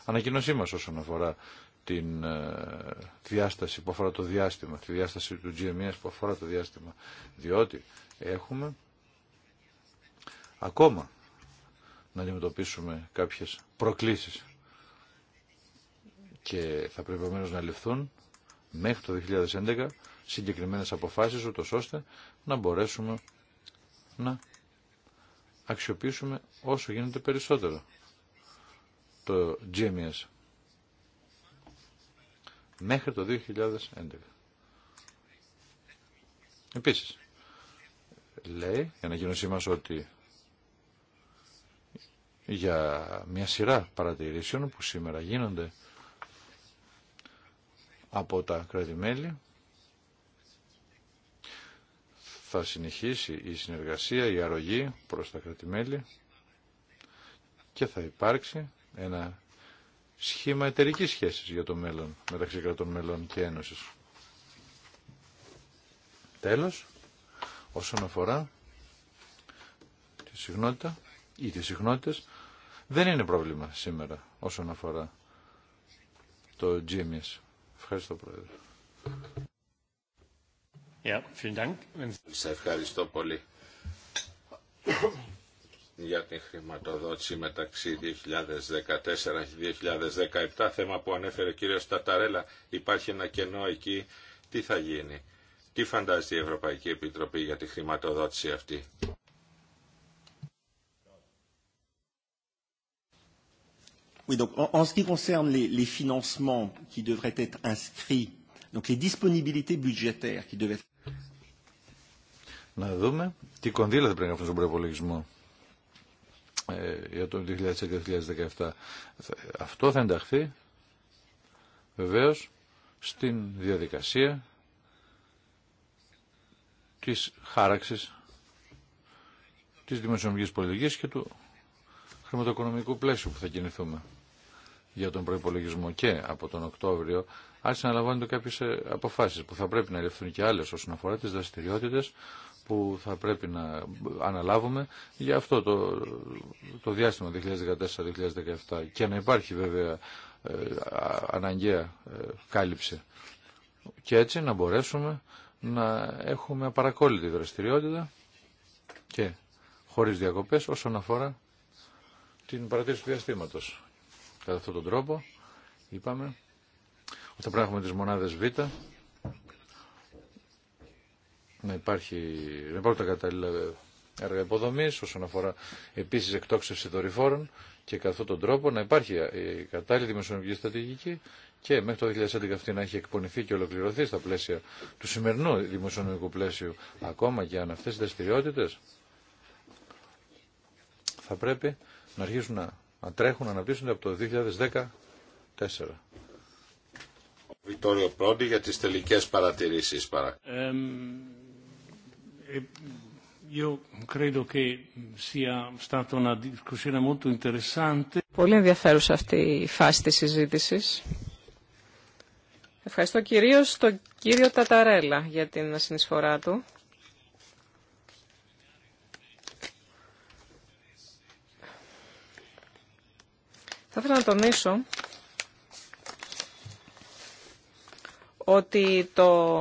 ανακοίνωσή μας όσον αφορά την ε, διάσταση που αφορά το διάστημα, τη διάσταση του GMS που αφορά το διάστημα, διότι έχουμε ακόμα να αντιμετωπίσουμε κάποιες προκλήσεις και θα πρέπει να ληφθούν μέχρι το 2011 συγκεκριμένες αποφάσεις ούτως ώστε να μπορέσουμε να αξιοποιήσουμε όσο γίνεται περισσότερο το GMS μέχρι το 2011. Επίσης, λέει η να μας ότι για μια σειρά παρατηρήσεων που σήμερα γίνονται από τα κρατη θα συνεχίσει η συνεργασία, η αρρωγή προς τα κρατη και θα υπάρξει ένα σχήμα εταιρική σχέσης για το μέλλον μεταξύ κρατών μελών και ένωσης. Τέλος, όσον αφορά τη συχνότητα ή τις συχνότητες, δεν είναι πρόβλημα σήμερα όσον αφορά το GMS. Ευχαριστώ Πρόεδρε. Σα vielen Dank. ευχαριστώ πολύ για την χρηματοδότηση μεταξύ 2014-2017, θέμα που ανέφερε ο κύριος Ταταρέλα, υπάρχει ένα κενό εκεί. Τι θα γίνει, τι φαντάζει η Ευρωπαϊκή Επιτροπή για τη χρηματοδότηση αυτή. Oui, donc en, ce qui concerne les, les financements qui devraient être inscrits, donc les disponibilités Να δούμε τι κονδύλα θα πρέπει να στον ε, για το 2017. Αυτό θα ενταχθεί βεβαίως στην διαδικασία της χάραξης της δημοσιονομικής πολιτικής και του χρηματοοικονομικού πλαίσιου που θα κινηθούμε για τον προϋπολογισμό και από τον Οκτώβριο άρχισε να λαμβάνονται κάποιες ε, αποφάσεις που θα πρέπει να ληφθούν και άλλες όσον αφορά τις δραστηριότητες που θα πρέπει να αναλάβουμε για αυτό το, το διάστημα 2014-2017 και να υπάρχει βέβαια ε, αναγκαία ε, κάλυψη και έτσι να μπορέσουμε να έχουμε απαρακόλλητη δραστηριότητα και χωρίς διακοπές όσον αφορά την παρατήρηση του διαστήματος. Κατά αυτόν τον τρόπο είπαμε ότι θα πρέπει να έχουμε τις μονάδες Β να υπάρχει να υπάρχουν τα κατάλληλα έργα υποδομή όσον αφορά επίσης εκτόξευση δορυφόρων και καθ' τον τρόπο να υπάρχει η κατάλληλη δημοσιονομική στρατηγική και μέχρι το 2011 αυτή να έχει εκπονηθεί και ολοκληρωθεί στα πλαίσια του σημερινού δημοσιονομικού πλαίσιου ακόμα και αν αυτέ οι δραστηριότητε θα πρέπει να αρχίσουν να, τρέχουν, να αναπτύσσονται από το 2014. Βιτόριο Πρόντι για τις τελικές παρατηρήσεις παρακαλώ. Ε, io credo che sia stata una discussione molto interessante. Πολύ ενδιαφέρουσα αυτή η φάση της συζήτησης. Ευχαριστώ κυρίως τον κύριο Ταταρέλα για την συνεισφορά του. Θα ήθελα να τονίσω ότι το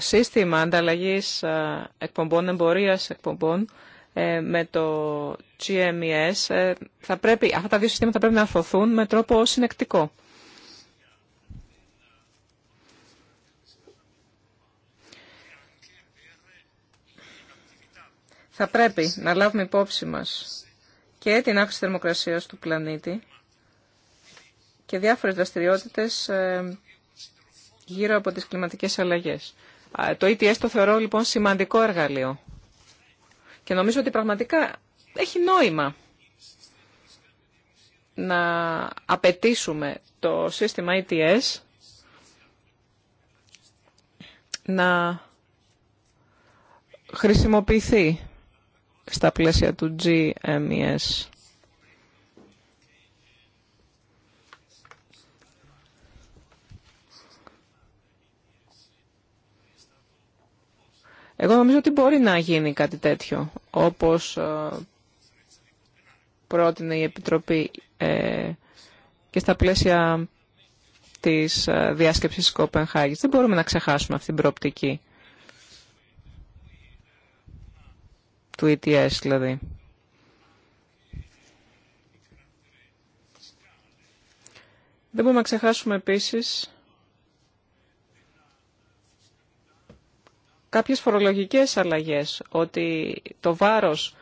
σύστημα ανταλλαγής ε, εκπομπών, εμπορίας εκπομπών ε, με το GMES, ε, θα πρέπει, αυτά τα δύο συστήματα θα πρέπει να αρθωθούν με τρόπο συνεκτικό. Θα πρέπει να λάβουμε υπόψη μας και την αύξηση θερμοκρασίας του πλανήτη και διάφορες δραστηριότητες γύρω από τις κλιματικές αλλαγές. Το ETS το θεωρώ λοιπόν σημαντικό εργαλείο. Και νομίζω ότι πραγματικά έχει νόημα να απαιτήσουμε το σύστημα ETS να χρησιμοποιηθεί στα πλαίσια του GMES. Εγώ νομίζω ότι μπορεί να γίνει κάτι τέτοιο, όπως ε, πρότεινε η Επιτροπή ε, και στα πλαίσια της ε, διάσκεψης Κοπενχάγης. Δεν μπορούμε να ξεχάσουμε αυτή την προοπτική του ETS, δηλαδή. Δεν μπορούμε να ξεχάσουμε επίσης κάποιες φορολογικές αλλαγές, ότι το βάρος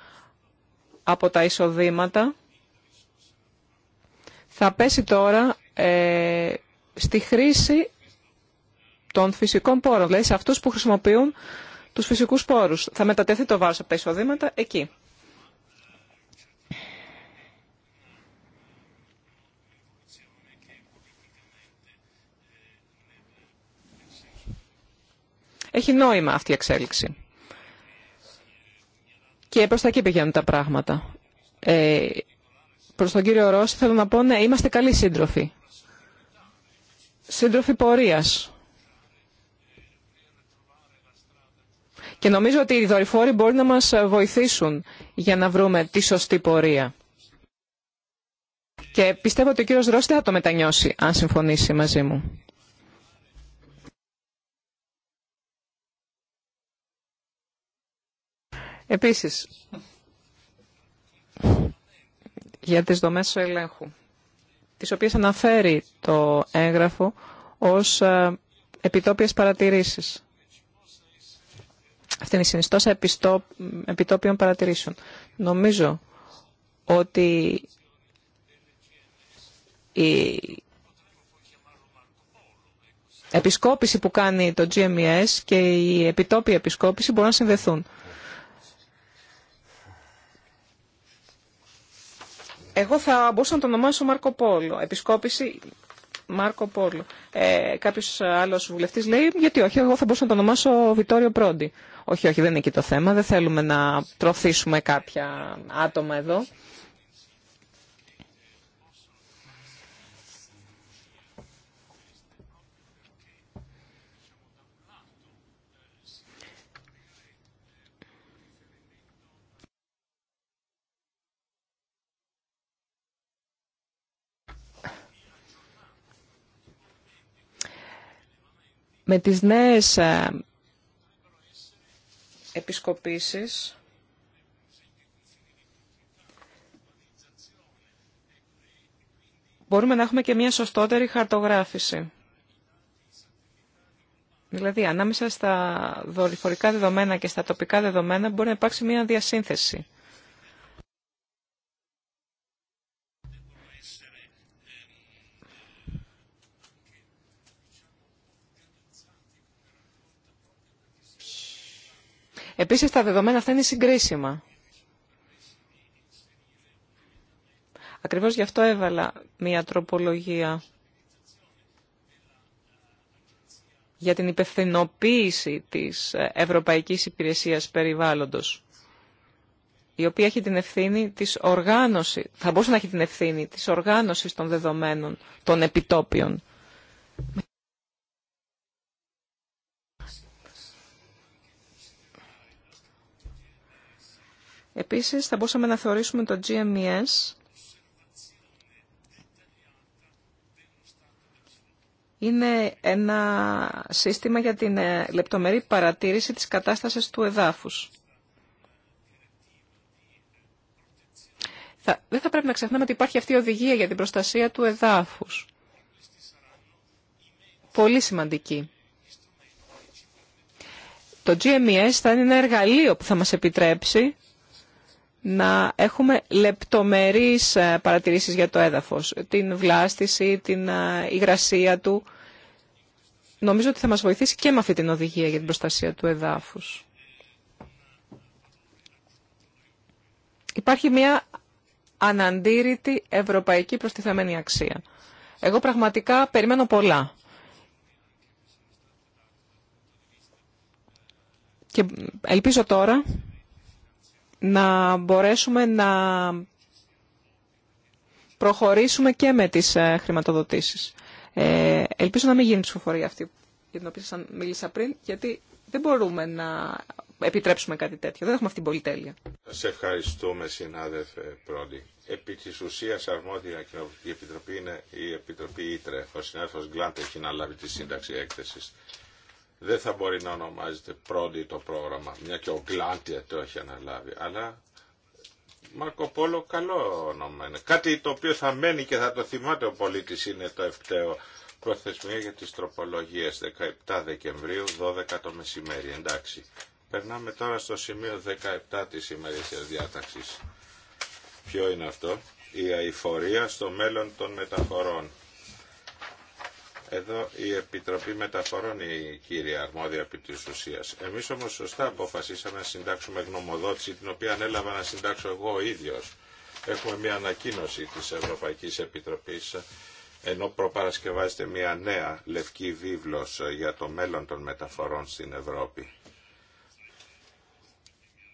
από τα εισοδήματα θα πέσει τώρα ε, στη χρήση των φυσικών πόρων, δηλαδή σε αυτούς που χρησιμοποιούν τους φυσικούς πόρους. Θα μετατεθεί το βάρος από τα εισοδήματα εκεί. Έχει νόημα αυτή η εξέλιξη. Και προς τα εκεί πηγαίνουν τα πράγματα. Ε, προς τον κύριο Ρώση θέλω να πω, ναι, είμαστε καλοί σύντροφοι. Σύντροφοι πορείας. Και νομίζω ότι οι δορυφόροι μπορεί να μας βοηθήσουν για να βρούμε τη σωστή πορεία. Και πιστεύω ότι ο κύριος Ρώση θα το μετανιώσει, αν συμφωνήσει μαζί μου. Επίσης, για τις δομές ελέγχου, τις οποίες αναφέρει το έγγραφο ως ε, επιτόπιες παρατηρήσεις. Αυτή είναι η συνιστόσα επιτόπιων παρατηρήσεων. Νομίζω ότι η επισκόπηση που κάνει το GMES και η επιτόπια επισκόπηση μπορούν να συνδεθούν. Εγώ θα μπορούσα να το ονομάσω Μάρκο Πόλο. Επισκόπηση Μάρκο Πόλο. Ε, Κάποιο άλλο βουλευτή λέει, γιατί όχι, εγώ θα μπορούσα να το ονομάσω Βιτόριο Πρόντι. Όχι, όχι, δεν είναι εκεί το θέμα. Δεν θέλουμε να τροφήσουμε κάποια άτομα εδώ. Με τις νέες ε, επισκοπήσεις μπορούμε να έχουμε και μια σωστότερη χαρτογράφηση. Δηλαδή, ανάμεσα στα δορυφορικά δεδομένα και στα τοπικά δεδομένα μπορεί να υπάρξει μια διασύνθεση. Επίσης τα δεδομένα αυτά είναι συγκρίσιμα. Ακριβώς γι' αυτό έβαλα μία τροπολογία για την υπευθυνοποίηση της Ευρωπαϊκής Υπηρεσίας Περιβάλλοντος, η οποία έχει την ευθύνη της οργάνωσης, θα μπορούσε να έχει την ευθύνη της οργάνωσης των δεδομένων των επιτόπιων. Επίσης, θα μπορούσαμε να θεωρήσουμε το GMES είναι ένα σύστημα για την ε, λεπτομερή παρατήρηση της κατάστασης του εδάφους. δεν θα πρέπει να ξεχνάμε ότι υπάρχει αυτή η οδηγία για την προστασία του εδάφους. Πολύ σημαντική. Το GMES θα είναι ένα εργαλείο που θα μας επιτρέψει να έχουμε λεπτομερείς ε, παρατηρήσεις για το έδαφος, την βλάστηση, την ε, υγρασία του. Νομίζω ότι θα μας βοηθήσει και με αυτή την οδηγία για την προστασία του εδάφους. Υπάρχει μια αναντήρητη ευρωπαϊκή προστιθεμένη αξία. Εγώ πραγματικά περιμένω πολλά. Και ελπίζω τώρα να μπορέσουμε να προχωρήσουμε και με τις ε, χρηματοδοτήσεις. Ε, ελπίζω να μην γίνει ψηφοφορία αυτή για την οποία σας μίλησα πριν, γιατί δεν μπορούμε να επιτρέψουμε κάτι τέτοιο. Δεν έχουμε αυτή την πολυτέλεια. Σε ευχαριστούμε συνάδελφε Πρόντι. Επί τη ουσία αρμόδια η επιτροπή είναι η Επιτροπή Ήτρε. Ο συνάδελφο Γκλάντ έχει να λάβει τη σύνταξη έκθεση δεν θα μπορεί να ονομάζεται πρώτη το πρόγραμμα, μια και ο Γκλάντια το έχει αναλάβει, αλλά Μάρκο Πόλο καλό όνομα Κάτι το οποίο θα μένει και θα το θυμάται ο πολίτης είναι το ευκταίο προθεσμία για τις τροπολογίες 17 Δεκεμβρίου 12 το μεσημέρι. Εντάξει. Περνάμε τώρα στο σημείο 17 της ημερήσιας διάταξης. Ποιο είναι αυτό? Η αηφορία στο μέλλον των μεταφορών. Εδώ η Επιτροπή Μεταφορών η κύρια αρμόδια επί της ουσίας. Εμείς όμως σωστά αποφασίσαμε να συντάξουμε γνωμοδότηση την οποία ανέλαβα να συντάξω εγώ ο ίδιος. Έχουμε μια ανακοίνωση της Ευρωπαϊκής Επιτροπής ενώ προπαρασκευάζεται μια νέα λευκή βίβλος για το μέλλον των μεταφορών στην Ευρώπη.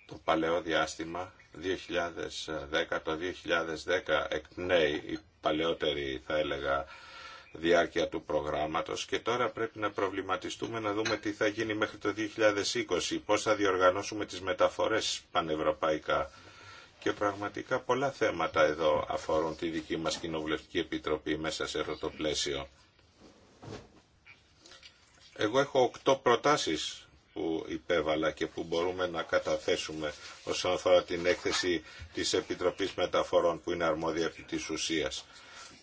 Το παλαιό διάστημα 2010 το 2010 εκπνέει η παλαιότερη θα έλεγα διάρκεια του προγράμματος και τώρα πρέπει να προβληματιστούμε να δούμε τι θα γίνει μέχρι το 2020, πώς θα διοργανώσουμε τις μεταφορές πανευρωπαϊκά. Και πραγματικά πολλά θέματα εδώ αφορούν τη δική μας Κοινοβουλευτική Επιτροπή μέσα σε αυτό το πλαίσιο. Εγώ έχω οκτώ προτάσεις που υπέβαλα και που μπορούμε να καταθέσουμε όσον αφορά την έκθεση της Επιτροπής Μεταφορών που είναι αρμόδια επί της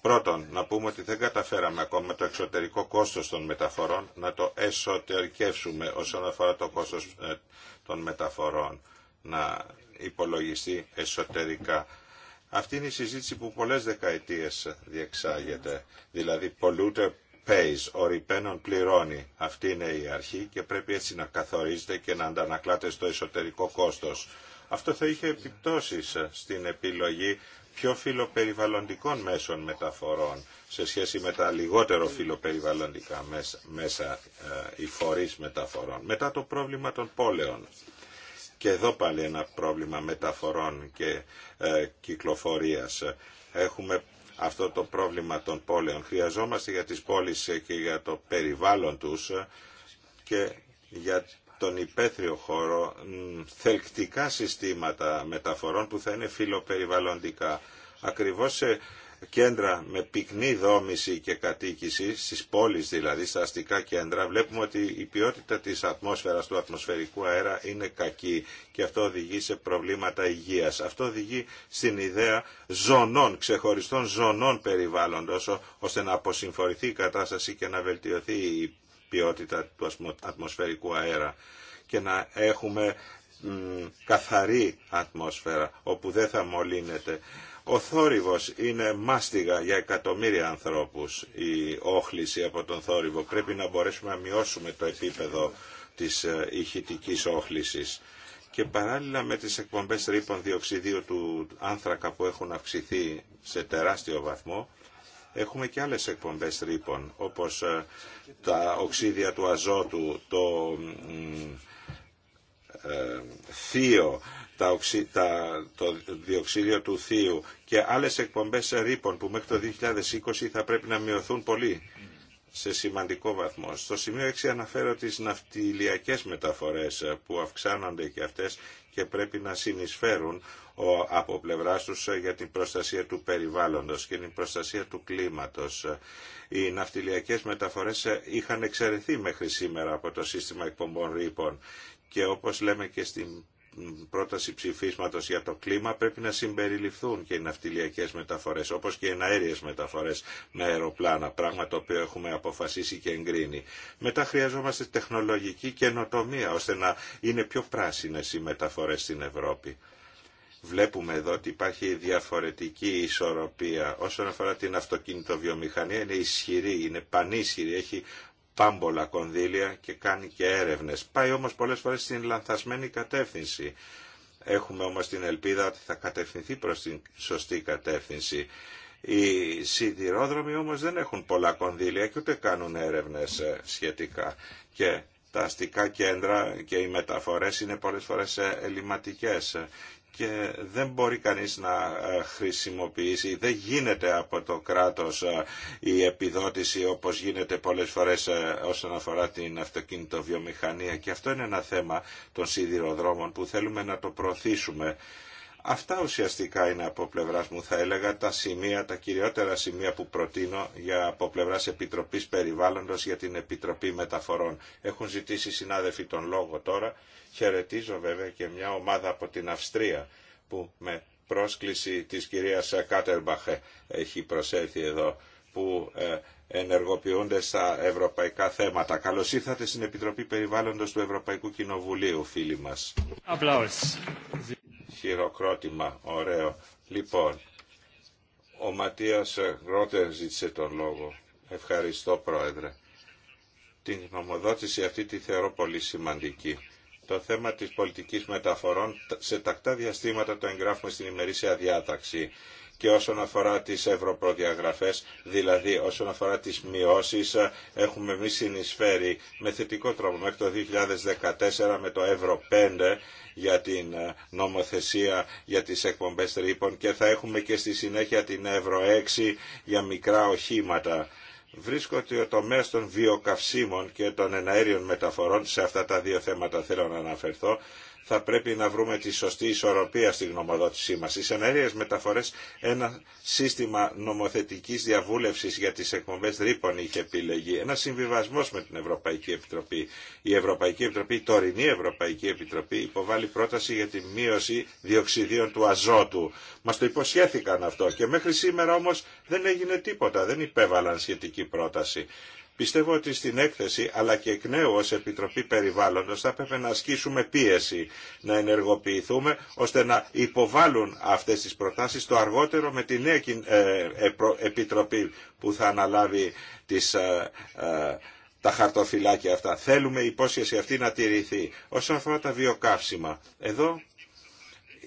Πρώτον, να πούμε ότι δεν καταφέραμε ακόμα το εξωτερικό κόστος των μεταφορών να το εσωτερικεύσουμε όσον αφορά το κόστος ε, των μεταφορών, να υπολογιστεί εσωτερικά. Αυτή είναι η συζήτηση που πολλές δεκαετίες διεξάγεται. Δηλαδή, polluter pays, ο ρηπαίνων πληρώνει. Αυτή είναι η αρχή και πρέπει έτσι να καθορίζεται και να αντανακλάται στο εσωτερικό κόστος. Αυτό θα είχε επιπτώσεις στην επιλογή πιο φιλοπεριβαλλοντικών μέσων μεταφορών σε σχέση με τα λιγότερο φιλοπεριβαλλοντικά μέσα ε, οι μεταφορών. Μετά το πρόβλημα των πόλεων. Και εδώ πάλι ένα πρόβλημα μεταφορών και ε, κυκλοφορίας. Έχουμε αυτό το πρόβλημα των πόλεων. Χρειαζόμαστε για τις πόλεις και για το περιβάλλον τους και για τον υπαίθριο χώρο θελκτικά συστήματα μεταφορών που θα είναι φιλοπεριβαλλοντικά. Ακριβώς σε κέντρα με πυκνή δόμηση και κατοίκηση, στις πόλεις δηλαδή, στα αστικά κέντρα, βλέπουμε ότι η ποιότητα της ατμόσφαιρας του ατμοσφαιρικού αέρα είναι κακή και αυτό οδηγεί σε προβλήματα υγείας. Αυτό οδηγεί στην ιδέα ζωνών, ξεχωριστών ζωνών περιβάλλοντος, ώστε να αποσυμφορηθεί η κατάσταση και να βελτιωθεί η ποιότητα του ατμοσφαιρικού αέρα και να έχουμε καθαρή ατμόσφαιρα όπου δεν θα μολύνεται. Ο θόρυβος είναι μάστιγα για εκατομμύρια ανθρώπους η όχληση από τον θόρυβο. Πρέπει να μπορέσουμε να μειώσουμε το επίπεδο της ε, ηχητικής όχλησης και παράλληλα με τις εκπομπές ρήπων διοξιδίου του άνθρακα που έχουν αυξηθεί σε τεράστιο βαθμό Έχουμε και άλλες εκπομπές ρήπων, όπως ε, τα οξύδια του αζότου, το ε, θείο, τα, τα, το διοξίδιο του θείου και άλλες εκπομπές ρήπων που μέχρι το 2020 θα πρέπει να μειωθούν πολύ σε σημαντικό βαθμό. Στο σημείο 6 αναφέρω τις ναυτιλιακές μεταφορές που αυξάνονται και αυτές και πρέπει να συνεισφέρουν από πλευρά του ε, για την προστασία του περιβάλλοντο και την προστασία του κλίματο. Ε, οι ναυτιλιακές μεταφορέ ε, είχαν εξαιρεθεί μέχρι σήμερα από το σύστημα εκπομπών ρήπων και όπω λέμε και στην πρόταση ψηφίσματος για το κλίμα πρέπει να συμπεριληφθούν και οι ναυτιλιακές μεταφορές όπως και οι αέριες μεταφορές με αεροπλάνα, πράγμα το οποίο έχουμε αποφασίσει και εγκρίνει. Μετά χρειαζόμαστε τεχνολογική καινοτομία ώστε να είναι πιο πράσινες οι μεταφορές στην Ευρώπη. Βλέπουμε εδώ ότι υπάρχει διαφορετική ισορροπία. Όσον αφορά την αυτοκινητοβιομηχανία είναι ισχυρή, είναι πανίσχυρη, έχει πάμπολα κονδύλια και κάνει και έρευνες. Πάει όμως πολλές φορές στην λανθασμένη κατεύθυνση. Έχουμε όμως την ελπίδα ότι θα κατευθυνθεί προς την σωστή κατεύθυνση. Οι σιδηρόδρομοι όμως δεν έχουν πολλά κονδύλια και ούτε κάνουν έρευνες ε, σχετικά. Και τα αστικά κέντρα και οι μεταφορές είναι πολλές φορές ε, ελληματικές και δεν μπορεί κανείς να ε, χρησιμοποιήσει, δεν γίνεται από το κράτος ε, η επιδότηση όπως γίνεται πολλές φορές όσον αφορά την αυτοκίνητο βιομηχανία και αυτό είναι ένα θέμα των σιδηροδρόμων που θέλουμε να το προωθήσουμε Αυτά ουσιαστικά είναι από πλευρά μου θα έλεγα τα σημεία, τα κυριότερα σημεία που προτείνω για από πλευρά Επιτροπής Περιβάλλοντος για την Επιτροπή Μεταφορών. Έχουν ζητήσει συνάδελφοι τον λόγο τώρα. Χαιρετίζω βέβαια και μια ομάδα από την Αυστρία που με πρόσκληση της κυρίας Κάτερμπαχ έχει προσέλθει εδώ που ε, ενεργοποιούνται στα ευρωπαϊκά θέματα. Καλώς ήρθατε στην Επιτροπή Περιβάλλοντος του Ευρωπαϊκού Κοινοβουλίου, φίλοι μας χειροκρότημα. Ωραίο. Λοιπόν, ο Ματίας Γρότερ ζήτησε τον λόγο. Ευχαριστώ Πρόεδρε. Την νομοδότηση αυτή τη θεωρώ πολύ σημαντική. Το θέμα της πολιτικής μεταφορών σε τακτά διαστήματα το εγγράφουμε στην ημερήσια διάταξη και όσον αφορά τις ευρωπροδιαγραφές, δηλαδή όσον αφορά τις μειώσεις, ε, έχουμε εμεί συνεισφέρει με θετικό τρόπο μέχρι το 2014 με το Ευρω 5 για την ε, νομοθεσία για τις εκπομπές τρύπων και θα έχουμε και στη συνέχεια την Ευρω 6 για μικρά οχήματα. Βρίσκω ότι ο τομέα των βιοκαυσίμων και των εναέριων μεταφορών, σε αυτά τα δύο θέματα θέλω να αναφερθώ, θα πρέπει να βρούμε τη σωστή ισορροπία στη γνωμοδότησή μας. Οι σενέριες μεταφορές ένα σύστημα νομοθετικής διαβούλευσης για τις εκπομπές ρήπων είχε επιλεγεί. Ένα συμβιβασμός με την Ευρωπαϊκή Επιτροπή. Η Ευρωπαϊκή Επιτροπή, η τωρινή Ευρωπαϊκή Επιτροπή υποβάλλει πρόταση για τη μείωση διοξιδίων του αζότου. Μας το υποσχέθηκαν αυτό και μέχρι σήμερα όμως δεν έγινε τίποτα, δεν υπέβαλαν σχετική πρόταση. Πιστεύω ότι στην έκθεση αλλά και εκ νέου ως Επιτροπή Περιβάλλοντος θα πρέπει να ασκήσουμε πίεση, να ενεργοποιηθούμε ώστε να υποβάλουν αυτές τις προτάσεις το αργότερο με την νέα ε, ε, Επιτροπή που θα αναλάβει τις ε, τα χαρτοφυλάκια αυτά. Θέλουμε η υπόσχεση αυτή να τηρηθεί. Όσον αφορά τα βιοκαύσιμα, εδώ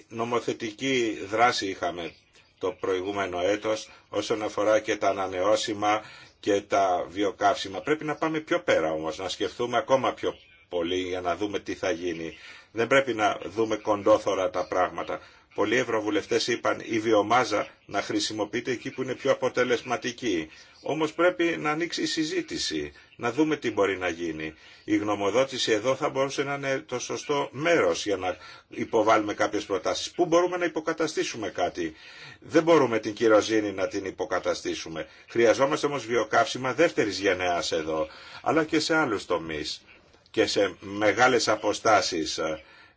νομοθετική δράση είχαμε το προηγούμενο έτος όσον αφορά και τα ανανεώσιμα και τα βιοκαύσιμα. Πρέπει να πάμε πιο πέρα όμως, να σκεφτούμε ακόμα πιο πολύ για να δούμε τι θα γίνει. Δεν πρέπει να δούμε κοντόθωρα τα πράγματα πολλοί ευρωβουλευτές είπαν η βιομάζα να χρησιμοποιείται εκεί που είναι πιο αποτελεσματική. Όμως πρέπει να ανοίξει η συζήτηση, να δούμε τι μπορεί να γίνει. Η γνωμοδότηση εδώ θα μπορούσε να είναι το σωστό μέρος για να υποβάλουμε κάποιες προτάσεις. Πού μπορούμε να υποκαταστήσουμε κάτι. Δεν μπορούμε την κυροζήνη να την υποκαταστήσουμε. Χρειαζόμαστε όμως βιοκαύσιμα δεύτερης γενεάς εδώ, αλλά και σε άλλους τομείς και σε μεγάλες αποστάσεις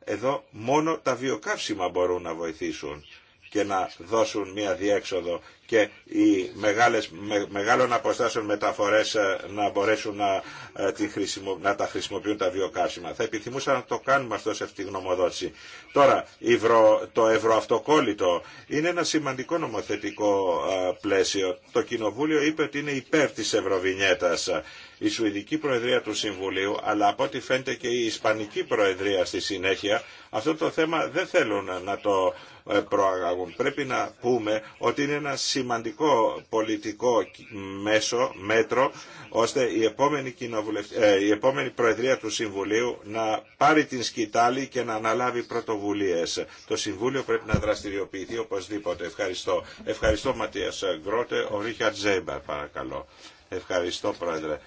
εδώ μόνο τα βιοκαύσιμα μπορούν να βοηθήσουν και να δώσουν μια διέξοδο και οι μεγάλες, μεγάλων αποστάσεων μεταφορές ε, να μπορέσουν να, ε, να τα χρησιμοποιούν τα βιοκάσιμα. Θα επιθυμούσα να το κάνουμε αυτό σε αυτή τη γνωμοδότηση. Τώρα, το ευρωαυτοκόλλητο είναι ένα σημαντικό νομοθετικό ε, πλαίσιο. Το Κοινοβούλιο είπε ότι είναι υπέρ της Ευρωβινιέτας η Σουηδική Προεδρία του Συμβουλίου, αλλά από ό,τι φαίνεται και η Ισπανική Προεδρία στη συνέχεια, αυτό το θέμα δεν θέλουν να το ε, προαγαγούν. Πρέπει να πούμε ότι είναι ένα σημαντικό πολιτικό μέσο, μέτρο, ώστε ε, η επόμενη, Προεδρία του Συμβουλίου να πάρει την σκητάλη και να αναλάβει πρωτοβουλίες. Το Συμβούλιο πρέπει να δραστηριοποιηθεί οπωσδήποτε. Ευχαριστώ. Ευχαριστώ Ματίας Γκρότε, ο Ρίχαρτ Ζέιμπερ, παρακαλώ. Ευχαριστώ Πρόεδρε.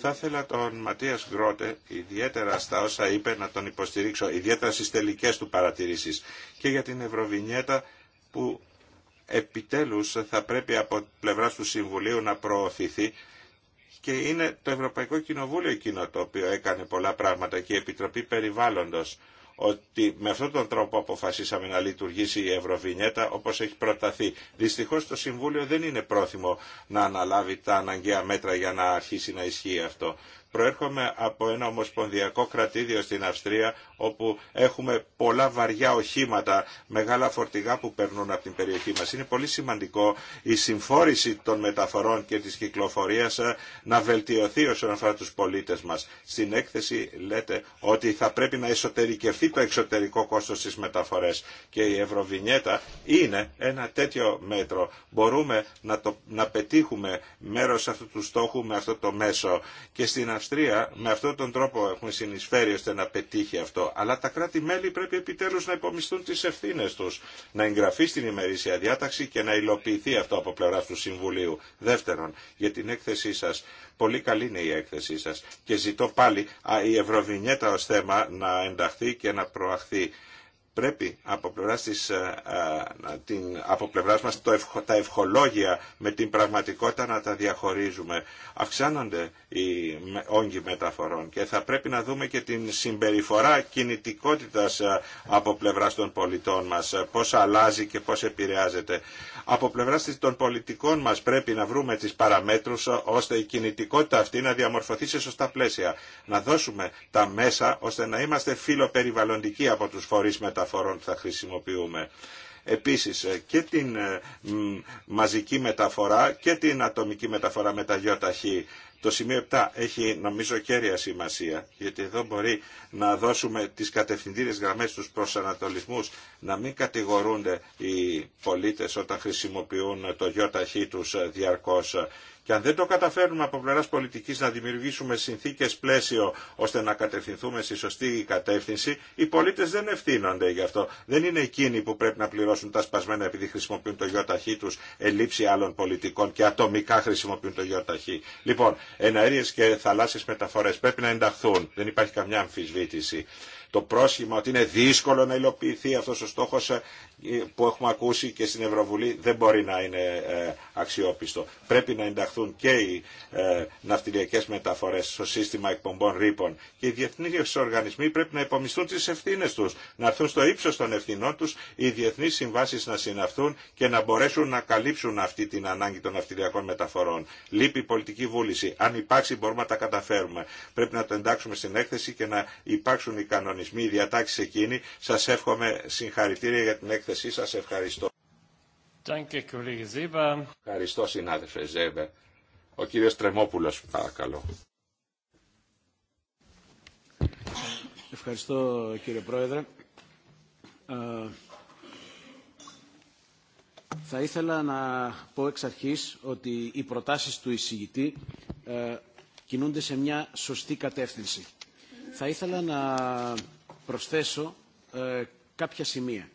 Θα ήθελα τον Ματίας Γκρότε, ιδιαίτερα στα όσα είπε, να τον υποστηρίξω, ιδιαίτερα στι τελικέ του παρατηρήσεις και για την Ευρωβινιέτα που επιτέλους θα πρέπει από πλευράς του Συμβουλίου να προωθηθεί και είναι το Ευρωπαϊκό Κοινοβούλιο εκείνο το οποίο έκανε πολλά πράγματα και η Επιτροπή Περιβάλλοντος ότι με αυτόν τον τρόπο αποφασίσαμε να λειτουργήσει η Ευρωβινιέτα όπως έχει προταθεί. Δυστυχώς το Συμβούλιο δεν είναι πρόθυμο να αναλάβει τα αναγκαία μέτρα για να αρχίσει να ισχύει αυτό. Προέρχομαι από ένα ομοσπονδιακό κρατήδιο στην Αυστρία όπου έχουμε πολλά βαριά οχήματα, μεγάλα φορτηγά που περνούν από την περιοχή μας. Είναι πολύ σημαντικό η συμφόρηση των μεταφορών και της κυκλοφορίας ε, να βελτιωθεί όσον αφορά τους πολίτες μας. Στην έκθεση λέτε ότι θα πρέπει να εσωτερικευθεί το εξωτερικό κόστος στι μεταφορές και η Ευρωβινιέτα είναι ένα τέτοιο μέτρο. Μπορούμε να, πετύχουμε μέρος αυτού του στόχου με αυτό το μέσο. Και στην Αυστρία με αυτόν τον τρόπο έχουν συνεισφέρει ώστε να πετύχει αυτό. Αλλά τα κράτη-μέλη πρέπει επιτέλους να υπομισθούν τις ευθύνες τους, να εγγραφεί στην ημερήσια διάταξη και να υλοποιηθεί αυτό από πλευράς του Συμβουλίου. Δεύτερον, για την έκθεσή σας. Πολύ καλή είναι η έκθεσή σας και ζητώ πάλι η Ευρωβινιέτα ως θέμα να ενταχθεί και να προαχθεί πρέπει από πλευράς, ε, ε, την, μας τα ευχολόγια με την πραγματικότητα να τα διαχωρίζουμε. Αυξάνονται οι όγκοι μεταφορών και θα πρέπει να δούμε και την συμπεριφορά κινητικότητας ε, από πλευράς των πολιτών μας, πώς αλλάζει και πώς επηρεάζεται από πλευρά των πολιτικών μας πρέπει να βρούμε τις παραμέτρους ώστε η κινητικότητα αυτή να διαμορφωθεί σε σωστά πλαίσια. Να δώσουμε τα μέσα ώστε να είμαστε φιλοπεριβαλλοντικοί από τους φορεί μεταφορών που θα χρησιμοποιούμε επίσης ε, και την ε, μαζική μεταφορά και την ατομική μεταφορά με τα ταχύ. Το σημείο 7 έχει νομίζω κέρια σημασία, γιατί εδώ μπορεί να δώσουμε τις κατευθυντήρες γραμμές στους προσανατολισμούς, να μην κατηγορούνται οι πολίτες όταν χρησιμοποιούν το ταχύ τους ε, διαρκώς και αν δεν το καταφέρνουμε από πλευρά πολιτική να δημιουργήσουμε συνθήκε πλαίσιο ώστε να κατευθυνθούμε στη σωστή κατεύθυνση, οι πολίτε δεν ευθύνονται γι' αυτό. Δεν είναι εκείνοι που πρέπει να πληρώσουν τα σπασμένα επειδή χρησιμοποιούν το ΙΟΤΑΧ του, ελήψη άλλων πολιτικών και ατομικά χρησιμοποιούν το ΙΟΤΑΧ. Λοιπόν, εναέριε και θαλάσσιε μεταφορέ πρέπει να ενταχθούν. Δεν υπάρχει καμιά αμφισβήτηση το πρόσχημα ότι είναι δύσκολο να υλοποιηθεί αυτό ο στόχο. Ε, που έχουμε ακούσει και στην Ευρωβουλή δεν μπορεί να είναι ε, αξιόπιστο. Πρέπει να ενταχθούν και οι ε, ναυτιλιακές μεταφορές στο σύστημα εκπομπών ρήπων και οι διεθνείς οργανισμοί πρέπει να υπομισθούν τις ευθύνες τους, να έρθουν στο ύψος των ευθυνών τους οι διεθνείς συμβάσεις να συναυθούν και να μπορέσουν να καλύψουν αυτή την ανάγκη των ναυτιλιακών μεταφορών. Λείπει η πολιτική βούληση. Αν υπάρξει μπορούμε να τα καταφέρουμε. Πρέπει να το εντάξουμε στην έκθεση και να υπάρξουν οι κανονισμοί, οι διατάξεις εκείνοι. Σας εύχομαι συγχαρητήρια για την έκθεση έκθεσή σας. Ευχαριστώ. Ευχαριστώ συνάδελφε Ζέβε, Ο κύριος Τρεμόπουλος, παρακαλώ. Ευχαριστώ κύριε Πρόεδρε. Ε, θα ήθελα να πω εξ αρχής ότι οι προτάσεις του εισηγητή ε, κινούνται σε μια σωστή κατεύθυνση. Θα ήθελα να προσθέσω ε, κάποια σημεία.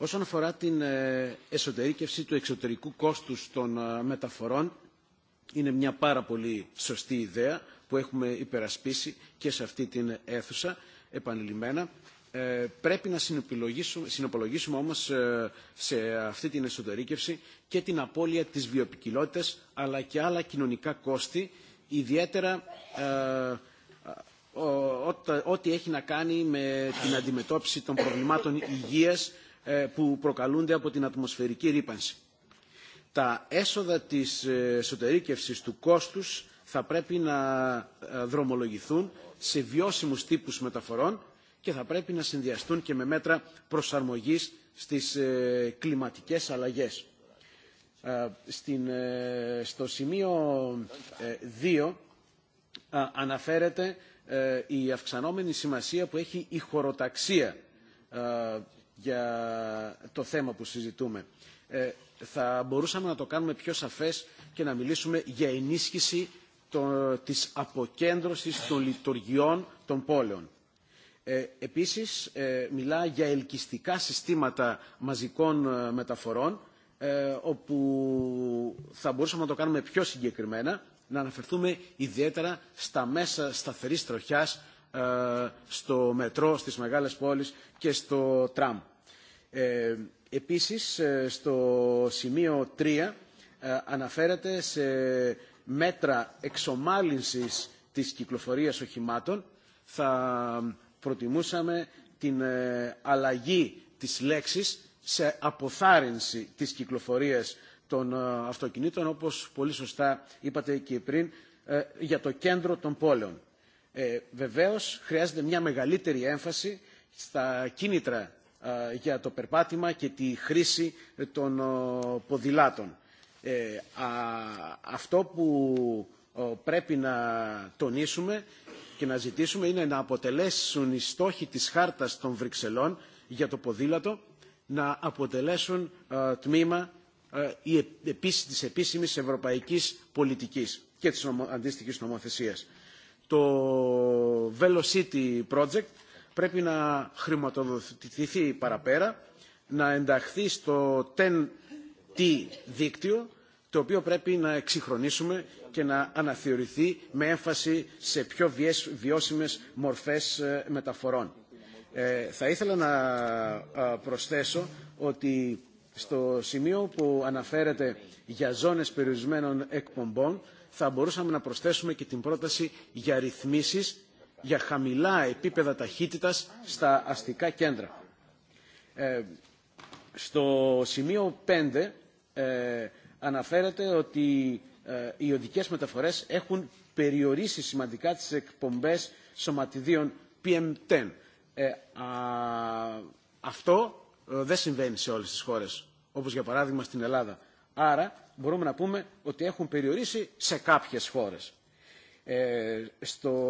Όσον αφορά την ε, εσωτερήκευση του εξωτερικού κόστους των ε, μεταφορών, είναι μια πάρα πολύ σωστή ιδέα που έχουμε υπερασπίσει και σε αυτή την αίθουσα επανειλημμένα. Ε, πρέπει να συνοπολογίσουμε όμως σε αυτή την εσωτερήκευση και την απώλεια της βιοπικιλότητας αλλά και άλλα κοινωνικά κόστη, ιδιαίτερα ό,τι έχει να κάνει με την αντιμετώπιση των προβλημάτων υγείας ε, που προκαλούνται από την ατμοσφαιρική ρήπανση. Τα έσοδα της ε, εσωτερήκευσης του κόστους θα πρέπει να ε, δρομολογηθούν σε βιώσιμους τύπους μεταφορών και θα πρέπει να συνδυαστούν και με μέτρα προσαρμογής στις κλιματικές αλλαγές. Στην, στο σημείο 2 αναφέρεται η αυξανόμενη σημασία που έχει η χωροταξία για το θέμα που συζητούμε. Ε, θα μπορούσαμε να το κάνουμε πιο σαφές και να μιλήσουμε για ενίσχυση της αποκέντρωσης των λειτουργιών των πόλεων. Ε, επίσης, ε, μιλά για ελκυστικά συστήματα μαζικών ε, μεταφορών, όπου θα μπορούσαμε να το κάνουμε πιο συγκεκριμένα, να αναφερθούμε ιδιαίτερα στα μέσα σταθερής τροχιάς ε, στο μετρό, στις μεγάλες πόλεις και στο τραμ. Ε, επίσης, ε, στο σημείο 3 αναφέρεται σε μέτρα εξομάλυνσης της κυκλοφορίας οχημάτων. Θα προτιμούσαμε την αλλαγή της λέξης σε αποθάρρυνση της κυκλοφορίας των αυτοκινήτων, όπως πολύ σωστά είπατε και πριν, για το κέντρο των πόλεων. Ε, βεβαίως χρειάζεται μια μεγαλύτερη έμφαση στα κίνητρα για το περπάτημα και τη χρήση των ποδηλάτων. Ε, αυτό που πρέπει να τονίσουμε και να ζητήσουμε είναι να αποτελέσουν οι στόχοι της χάρτας των Βρυξελών για το ποδήλατο να αποτελέσουν τμήμα η, της επίσημης ευρωπαϊκής πολιτικής και της νομο, αντίστοιχης νομοθεσίας το Velocity Project πρέπει να χρηματοδοτηθεί παραπέρα, να ενταχθεί στο TEN-T δίκτυο, το οποίο πρέπει να εξυγχρονίσουμε και να αναθεωρηθεί με έμφαση σε πιο βιώσιμες μορφές ε, μεταφορών. Ε, θα ήθελα να προσθέσω ότι στο σημείο που αναφέρεται για ζώνες περιορισμένων εκπομπών θα μπορούσαμε να προσθέσουμε και την πρόταση για ρυθμίσεις για χαμηλά επίπεδα ταχύτητας στα αστικά κέντρα. Ε, στο σημείο 5 ε, αναφέρεται ότι ε, οι οδικές μεταφορές έχουν περιορίσει σημαντικά τις εκπομπές σωματιδίων PM10. Ε, α, αυτό ε, δεν συμβαίνει σε όλες τις χώρες, όπως για παράδειγμα στην Ελλάδα. Άρα μπορούμε να πούμε ότι έχουν περιορίσει σε κάποιες χώρες. Ε, στο,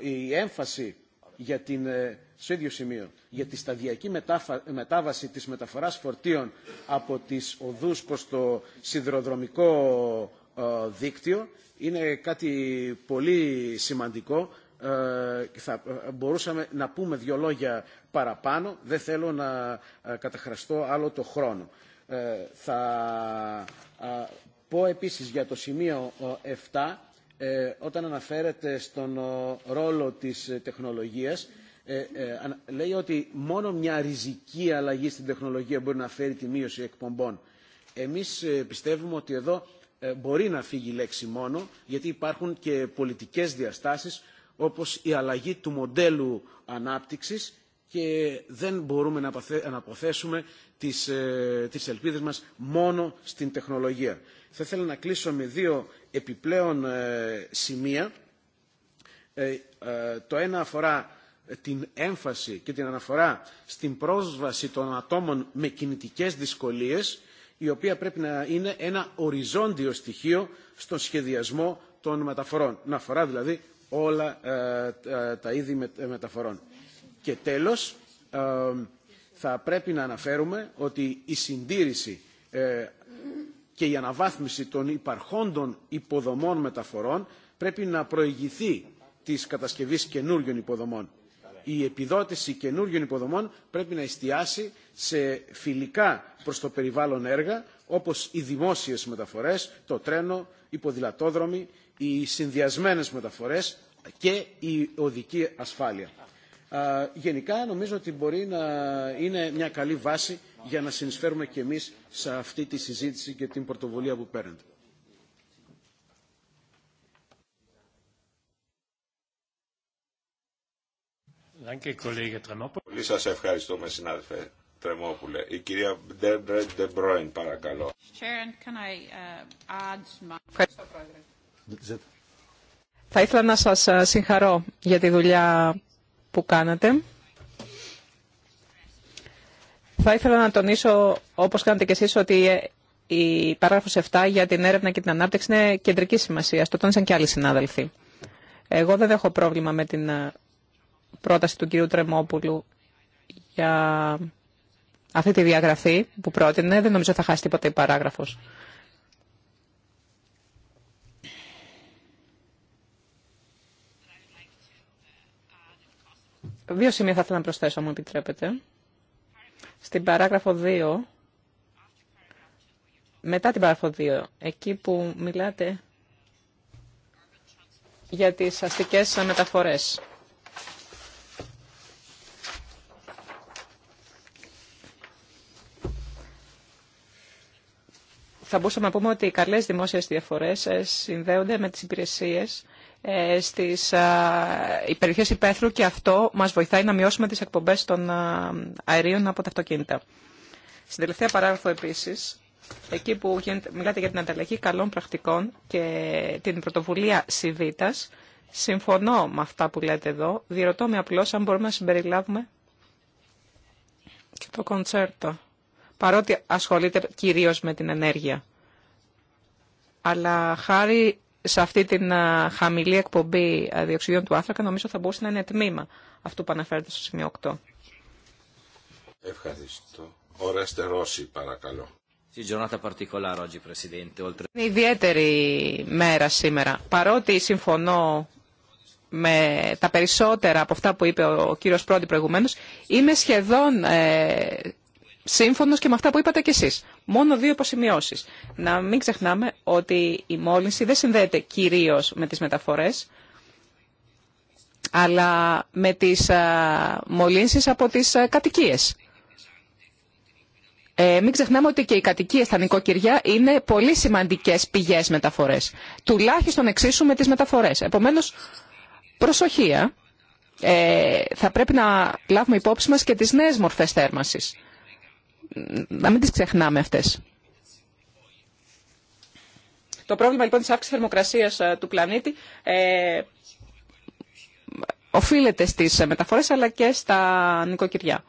η έμφαση για την, ε, στο ίδιο σημείο για τη σταδιακή μετάβαση της μεταφοράς φορτίων από τις οδούς προς το σιδηροδρομικό ε, δίκτυο είναι κάτι πολύ σημαντικό θα μπορούσαμε να πούμε δύο λόγια παραπάνω. Δεν θέλω να καταχραστώ άλλο το χρόνο. Ε, θα πω επίσης για το σημείο 7 ε, όταν αναφέρεται στον ρόλο της ε, τεχνολογίας λέει ότι μόνο μια ριζική αλλαγή στην τεχνολογία μπορεί να φέρει τη μείωση εκπομπών. Εμείς πιστεύουμε ότι εδώ μπορεί να φύγει η λέξη μόνο γιατί υπάρχουν και πολιτικές διαστάσεις όπως η αλλαγή του μοντέλου ανάπτυξης και δεν μπορούμε να αποθέσουμε τις, ε, τις ελπίδες μας μόνο στην τεχνολογία. Θα ήθελα να κλείσω με δύο επιπλέον ε, σημεία. Ε, το ένα αφορά την έμφαση και την αναφορά στην πρόσβαση των ατόμων με κινητικές δυσκολίες, η οποία πρέπει να είναι ένα οριζόντιο στοιχείο στον σχεδιασμό των μεταφορών. Να αφορά δηλαδή όλα τα είδη μεταφορών. Και τέλος, θα πρέπει να αναφέρουμε ότι η συντήρηση ε, και η αναβάθμιση των υπαρχόντων υποδομών μεταφορών πρέπει να προηγηθεί της κατασκευής καινούριων υποδομών. Η επιδότηση καινούριων υποδομών πρέπει να εστιάσει σε φιλικά προς το περιβάλλον έργα, όπως οι δημόσιες μεταφορές, το τρένο, οι ποδηλατόδρομοι, οι συνδυασμένες μεταφορές και η οδική ασφάλεια γενικά νομίζω ότι μπορεί να είναι μια καλή βάση για να συνεισφέρουμε και εμείς σε αυτή τη συζήτηση και την πρωτοβουλία που παίρνετε. Πολύ σας ευχαριστούμε συνάδελφε Τρεμόπουλε. Η κυρία Ντεμπρόιν παρακαλώ. Ευχαριστώ, uh, Θα ήθελα να σας ε, συγχαρώ για τη δουλειά που κάνατε. Θα ήθελα να τονίσω, όπως κάνετε και εσείς, ότι ε, η παράγραφος 7 για την έρευνα και την ανάπτυξη είναι κεντρική σημασία. Το τόνισαν και άλλοι συνάδελφοι. Εγώ δεν έχω πρόβλημα με την ε, πρόταση του κυρίου Τρεμόπουλου για αυτή τη διαγραφή που πρότεινε. Δεν νομίζω θα χάσει τίποτα η παράγραφος. Δύο σημεία θα ήθελα να προσθέσω, αν μου επιτρέπετε. Στην παράγραφο 2, μετά την παράγραφο 2, εκεί που μιλάτε για τις αστικές μεταφορές. Θα μπορούσαμε να πούμε ότι οι καλές δημόσιες διαφορές ε, συνδέονται με τις υπηρεσίες ε, στις περιοχές υπαίθρου και αυτό μας βοηθάει να μειώσουμε τις εκπομπές των αερίων από τα αυτοκίνητα. Στην τελευταία παράγραφο επίσης, εκεί που μιλάτε για την ανταλλαγή καλών πρακτικών και την πρωτοβουλία Σιβήτας, συμφωνώ με αυτά που λέτε εδώ, διερωτώ με απλώς αν μπορούμε να συμπεριλάβουμε και το κοντσέρτο, παρότι ασχολείται κυρίως με την ενέργεια. Αλλά χάρη σε αυτή την χαμηλή εκπομπή διοξιδίων του άνθρακα νομίζω θα μπορούσε να είναι τμήμα αυτού που αναφέρεται στο σημείο 8. Ευχαριστώ. Ωραίστε Ρώση, παρακαλώ. Είναι ιδιαίτερη μέρα σήμερα. Παρότι συμφωνώ με τα περισσότερα από αυτά που είπε ο κύριος Πρόντι προηγουμένως, είμαι σχεδόν ε, σύμφωνο και με αυτά που είπατε κι εσεί. Μόνο δύο υποσημειώσει. Να μην ξεχνάμε ότι η μόλυνση δεν συνδέεται κυρίω με τι μεταφορέ, αλλά με τι μολύνσει από τι κατοικίε. Ε, μην ξεχνάμε ότι και οι κατοικίε στα νοικοκυριά είναι πολύ σημαντικέ πηγέ μεταφορέ. Τουλάχιστον εξίσου με τι μεταφορέ. Επομένω, προσοχία. Ε, θα πρέπει να λάβουμε υπόψη μας και τις νέες μορφές θέρμανσης να μην τις ξεχνάμε αυτές. Το πρόβλημα λοιπόν της αύξησης θερμοκρασίας ε, του πλανήτη ε, οφείλεται στις μεταφορές αλλά και στα νοικοκυριά.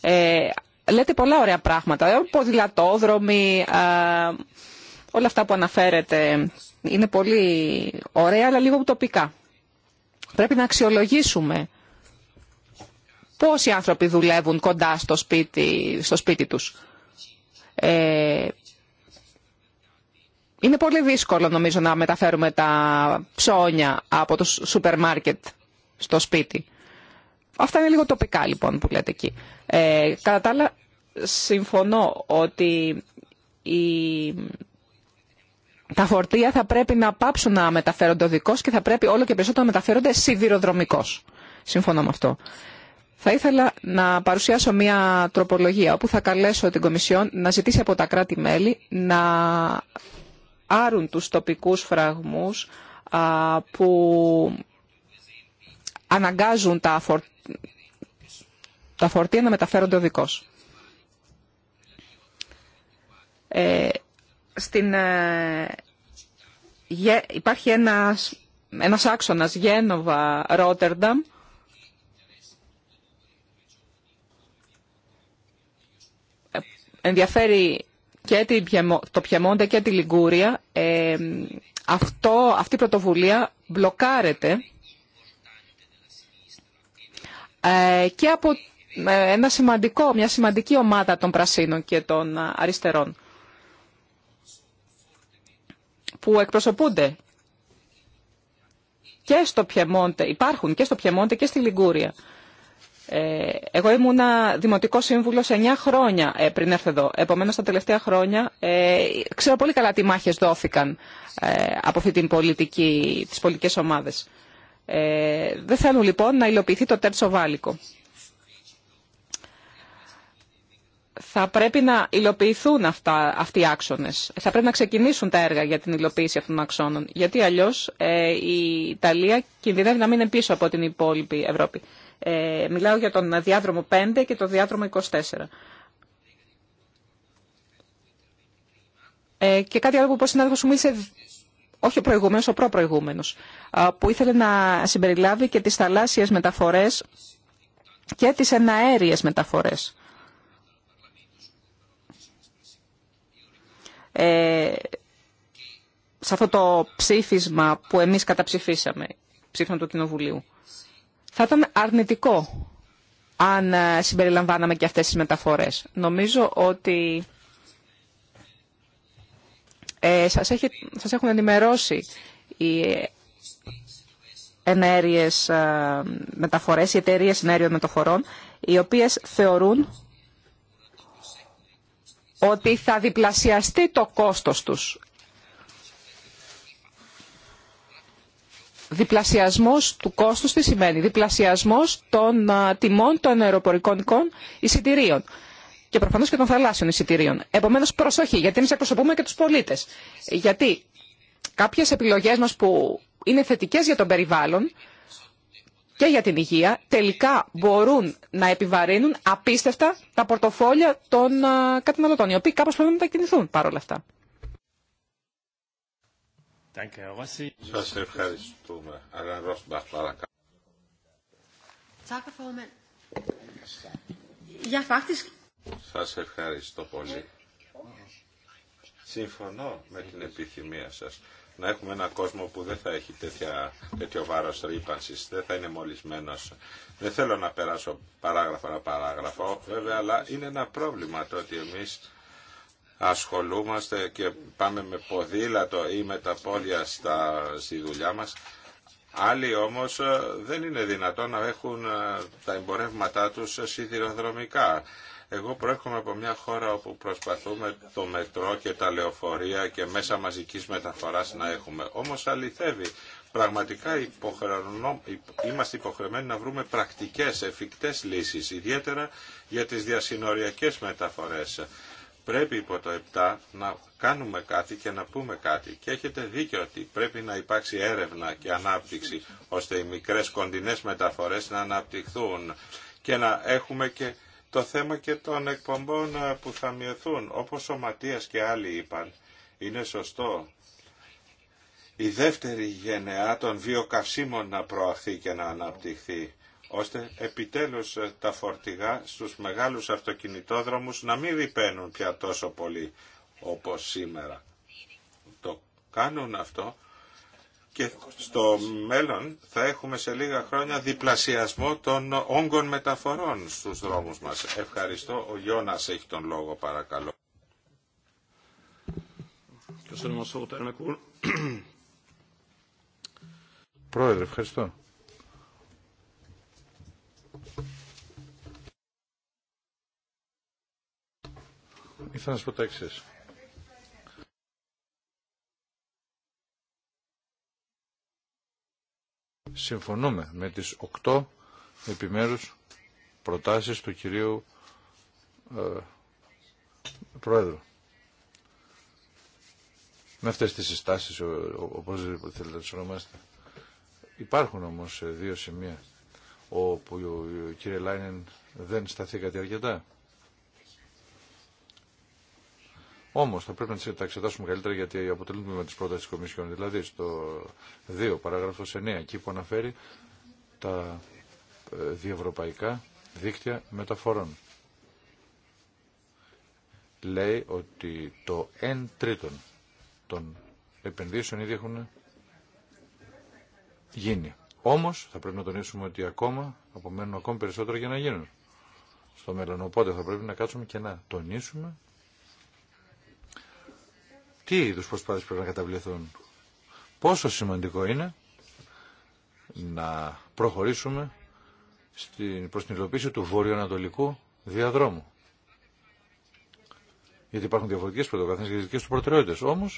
Ε, λέτε πολλά ωραία πράγματα, ε, ποδηλατόδρομοι, ε, όλα αυτά που αναφέρετε είναι πολύ ωραία αλλά λίγο τοπικά. Πρέπει να αξιολογήσουμε Πόσοι άνθρωποι δουλεύουν κοντά στο σπίτι, στο σπίτι τους. Ε, είναι πολύ δύσκολο νομίζω να μεταφέρουμε τα ψώνια από το σούπερ μάρκετ στο σπίτι. Αυτά είναι λίγο τοπικά λοιπόν που λέτε εκεί. Ε, κατά τα άλλα συμφωνώ ότι η... τα φορτία θα πρέπει να πάψουν να μεταφέρονται οδικώς και θα πρέπει όλο και περισσότερο να μεταφέρονται σιδηροδρομικώς. Συμφωνώ με αυτό. Θα ήθελα να παρουσιάσω μία τροπολογία όπου θα καλέσω την Κομισιόν να ζητήσει από τα κράτη-μέλη να άρουν τους τοπικούς φραγμούς που αναγκάζουν τα, φορ... τα φορτία να μεταφέρονται οδικώς. Ε, στην, ε, υπάρχει ένας, ένας άξονας Γένοβα-Ρότερνταμ ενδιαφέρει και το Πιεμόντε και τη Λιγκούρια, ε, αυτό, αυτή η πρωτοβουλία μπλοκάρεται ε, και από ε, ένα σημαντικό, μια σημαντική ομάδα των πρασίνων και των αριστερών που εκπροσωπούνται και στο Πιεμόντε, υπάρχουν και στο Πιεμόντε και στη Λιγκούρια. Ε, εγώ ήμουνα δημοτικό σύμβουλο 9 χρόνια ε, πριν έρθω εδώ. Επομένω, τα τελευταία χρόνια ε, ξέρω πολύ καλά τι μάχε δόθηκαν ε, από αυτή την πολιτική, τι πολιτικέ ομάδε. Ε, δεν θέλουν λοιπόν να υλοποιηθεί το τέρτσο βάλικο. Θα πρέπει να υλοποιηθούν αυτά, αυτοί οι άξονε. Θα πρέπει να ξεκινήσουν τα έργα για την υλοποίηση αυτών των αξώνων. Γιατί αλλιώς η Ιταλία κινδυνεύει να είναι πίσω από την υπόλοιπη Ευρώπη. Ε, μιλάω για τον διάδρομο 5 και το διάδρομο 24. Ε, και κάτι άλλο που ο συνάδελφος μου όχι ο προηγούμενος, ο προπροηγούμενος, που ήθελε να συμπεριλάβει και τις θαλάσσιες μεταφορές και τις εναέριες μεταφορές. Ε, σε αυτό το ψήφισμα που εμείς καταψηφίσαμε, ψήφισμα του Κοινοβουλίου. Θα ήταν αρνητικό αν ε, συμπεριλαμβάναμε και αυτές τις μεταφορές. Νομίζω ότι ε, σας, έχει, σας έχουν ενημερώσει οι ενέργειες ε, μεταφορές, οι εταιρείε ενέργειων μεταφορών, οι οποίες θεωρούν ότι θα διπλασιαστεί το κόστος τους διπλασιασμός του κόστους τι σημαίνει, διπλασιασμός των τιμών των αεροπορικών εισιτηρίων και προφανώς και των θαλάσσιων εισιτηρίων. Επομένως προσοχή, γιατί εμείς εκπροσωπούμε και τους πολίτες. Γιατί κάποιες επιλογές μας που είναι θετικές για τον περιβάλλον και για την υγεία, τελικά μπορούν να επιβαρύνουν απίστευτα τα πορτοφόλια των καταναλωτών, οι οποίοι κάπως πρέπει να μετακινηθούν παρόλα αυτά. Σας ευχαριστούμε. Αλλά Σας ευχαριστώ πολύ. Συμφωνώ με την επιθυμία σας να έχουμε ένα κόσμο που δεν θα έχει τέτοιο βάρος ρήπανσης, δεν θα είναι μολυσμένος. Δεν θέλω να περάσω παράγραφο να παράγραφο, βέβαια, αλλά είναι ένα πρόβλημα το ότι εμείς ασχολούμαστε και πάμε με ποδήλατο ή με τα πόδια στα, στη δουλειά μας. Άλλοι όμως ε, δεν είναι δυνατόν να έχουν ε, τα εμπορεύματά τους σιδηροδρομικά. Εγώ προέρχομαι από μια χώρα όπου προσπαθούμε το μετρό και τα λεωφορεία και μέσα μαζικής μεταφοράς να έχουμε. Όμως αληθεύει. Πραγματικά είμαστε υποχρεωμένοι να βρούμε πρακτικές, εφικτές λύσεις, ιδιαίτερα για τις διασυνοριακές μεταφορές πρέπει υπό το 7 να κάνουμε κάτι και να πούμε κάτι. Και έχετε δίκιο ότι πρέπει να υπάρξει έρευνα και ανάπτυξη, ώστε οι μικρές κοντινές μεταφορές να αναπτυχθούν και να έχουμε και το θέμα και των εκπομπών ε, που θα μειωθούν. Όπως ο Ματίας και άλλοι είπαν, είναι σωστό η δεύτερη γενεά των βιοκαυσίμων να προαχθεί και να αναπτυχθεί ώστε επιτέλους ε, τα φορτηγά στους μεγάλους αυτοκινητόδρομους να μην ρηπαίνουν πια τόσο πολύ όπως σήμερα. Το κάνουν αυτό και στο μέλλον θα έχουμε σε λίγα χρόνια διπλασιασμό των όγκων μεταφορών στους δρόμους μας. Ευχαριστώ. Ο Γιώνας έχει τον λόγο παρακαλώ. Πρόεδρε, ευχαριστώ. Ήθελα να σα πω Συμφωνούμε με τις οκτώ επιμέρους προτάσεις του κυρίου ε, Πρόεδρου. Με αυτές τις συστάσεις, όπως θέλετε να τις ονομάσετε. Υπάρχουν όμως ε, δύο σημεία όπου ο κύριε Λάινεν δεν σταθήκατε αρκετά. Όμω θα πρέπει να τα εξετάσουμε καλύτερα γιατί αποτελούν τμήμα τη πρόταση τη Κομισιόν. Δηλαδή στο 2 παράγραφο 9 εκεί που αναφέρει τα ε, διευρωπαϊκά δίκτυα μεταφορών. Λέει ότι το 1 τρίτον των επενδύσεων ήδη έχουν γίνει. Όμω, θα πρέπει να τονίσουμε ότι ακόμα απομένουν ακόμη περισσότερο για να γίνουν στο μέλλον. Οπότε θα πρέπει να κάτσουμε και να τονίσουμε τι είδου προσπάθειε πρέπει να καταβληθούν. Πόσο σημαντικό είναι να προχωρήσουμε στην, προς την υλοποίηση του βορειοανατολικού διαδρόμου. Γιατί υπάρχουν διαφορετικέ πρωτοκαθένες και δικέ του προτεραιότητε. Όμω,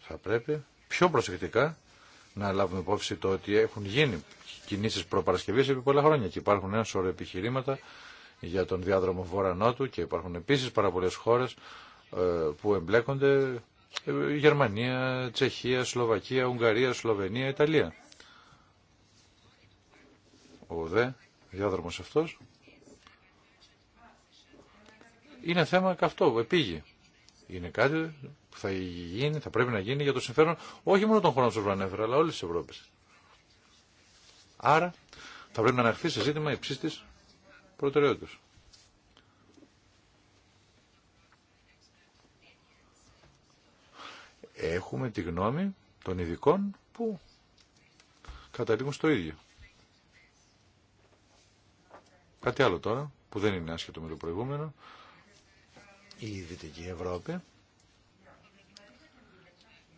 θα πρέπει πιο προσεκτικά να λάβουμε υπόψη το ότι έχουν γίνει κινήσει προπαρασκευή επί πολλά χρόνια και υπάρχουν ένα σωρό επιχειρήματα για τον διάδρομο Βόρα Νότου και υπάρχουν επίση πάρα πολλέ χώρε ε, που εμπλέκονται ε, Γερμανία, Τσεχία, Σλοβακία, Ουγγαρία, Σλοβενία, Ιταλία. Ο δε διάδρομος αυτός είναι θέμα καυτό, επίγει. Είναι κάτι που θα γίνει, θα πρέπει να γίνει για το συμφέρον όχι μόνο των χωρών που προανέφερα, αλλά όλη τη Ευρώπη. Άρα θα πρέπει να αναχθεί σε ζήτημα υψή τη προτεραιότητα. έχουμε τη γνώμη των ειδικών που καταλήγουν στο ίδιο. Κάτι άλλο τώρα, που δεν είναι άσχετο με το προηγούμενο, η Δυτική Ευρώπη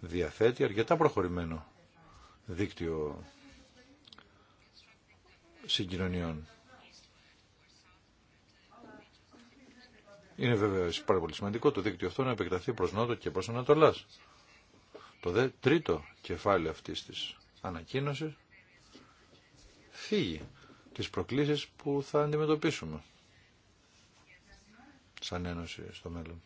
διαθέτει αρκετά προχωρημένο δίκτυο συγκοινωνιών. Είναι βέβαια πάρα πολύ σημαντικό το δίκτυο αυτό να επεκταθεί προς Νότο και προς Ανατολάς. Το δε τρίτο κεφάλαιο αυτής της ανακοίνωσης φύγει τις προκλήσεις που θα αντιμετωπίσουμε σαν ένωση στο μέλλον.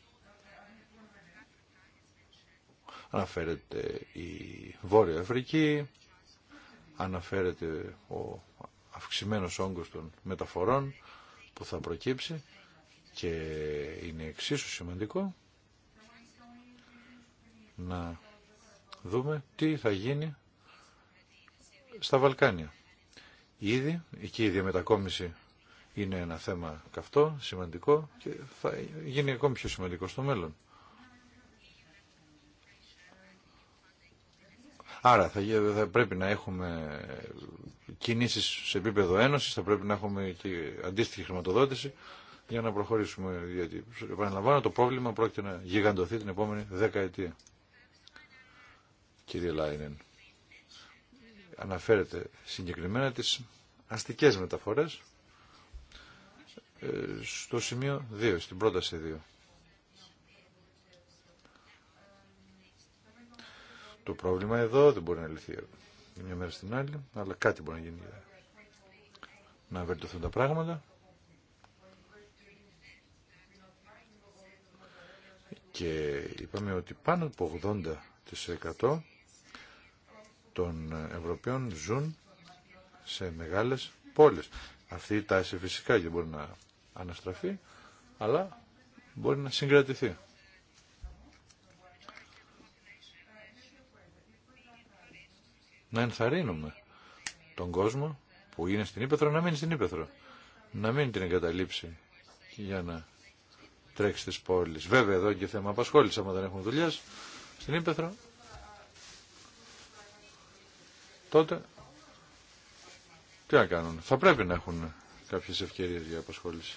Αναφέρεται η Βόρεια Αφρική, αναφέρεται ο αυξημένος όγκος των μεταφορών που θα προκύψει και είναι εξίσου σημαντικό να δούμε τι θα γίνει στα Βαλκάνια. Ήδη, εκεί η διαμετακόμιση είναι ένα θέμα καυτό, σημαντικό και θα γίνει ακόμη πιο σημαντικό στο μέλλον. Άρα θα, πρέπει να έχουμε κινήσεις σε επίπεδο ένωσης, θα πρέπει να έχουμε και αντίστοιχη χρηματοδότηση για να προχωρήσουμε. Γιατί, επαναλαμβάνω, το πρόβλημα πρόκειται να γιγαντωθεί την επόμενη δεκαετία κύριε Λάινεν. Αναφέρεται συγκεκριμένα τις αστικές μεταφορές ε, στο σημείο 2, στην πρόταση 2. Το πρόβλημα εδώ δεν μπορεί να λυθεί μια μέρα στην άλλη, αλλά κάτι μπορεί να γίνει να βελτιωθούν τα πράγματα. Και είπαμε ότι πάνω από 80% των Ευρωπαίων ζουν σε μεγάλες πόλεις. Αυτή η τάση φυσικά και μπορεί να αναστραφεί, αλλά μπορεί να συγκρατηθεί. Να ενθαρρύνουμε τον κόσμο που είναι στην Ήπεθρο να μείνει στην Ήπεθρο. Να μην την εγκαταλείψει για να τρέξει στις πόλεις. Βέβαια εδώ και θέμα απασχόληση άμα δεν έχουν δουλειά στην Ήπεθρο τότε τι να κάνουν. Θα πρέπει να έχουν κάποιες ευκαιρίες για απασχόληση.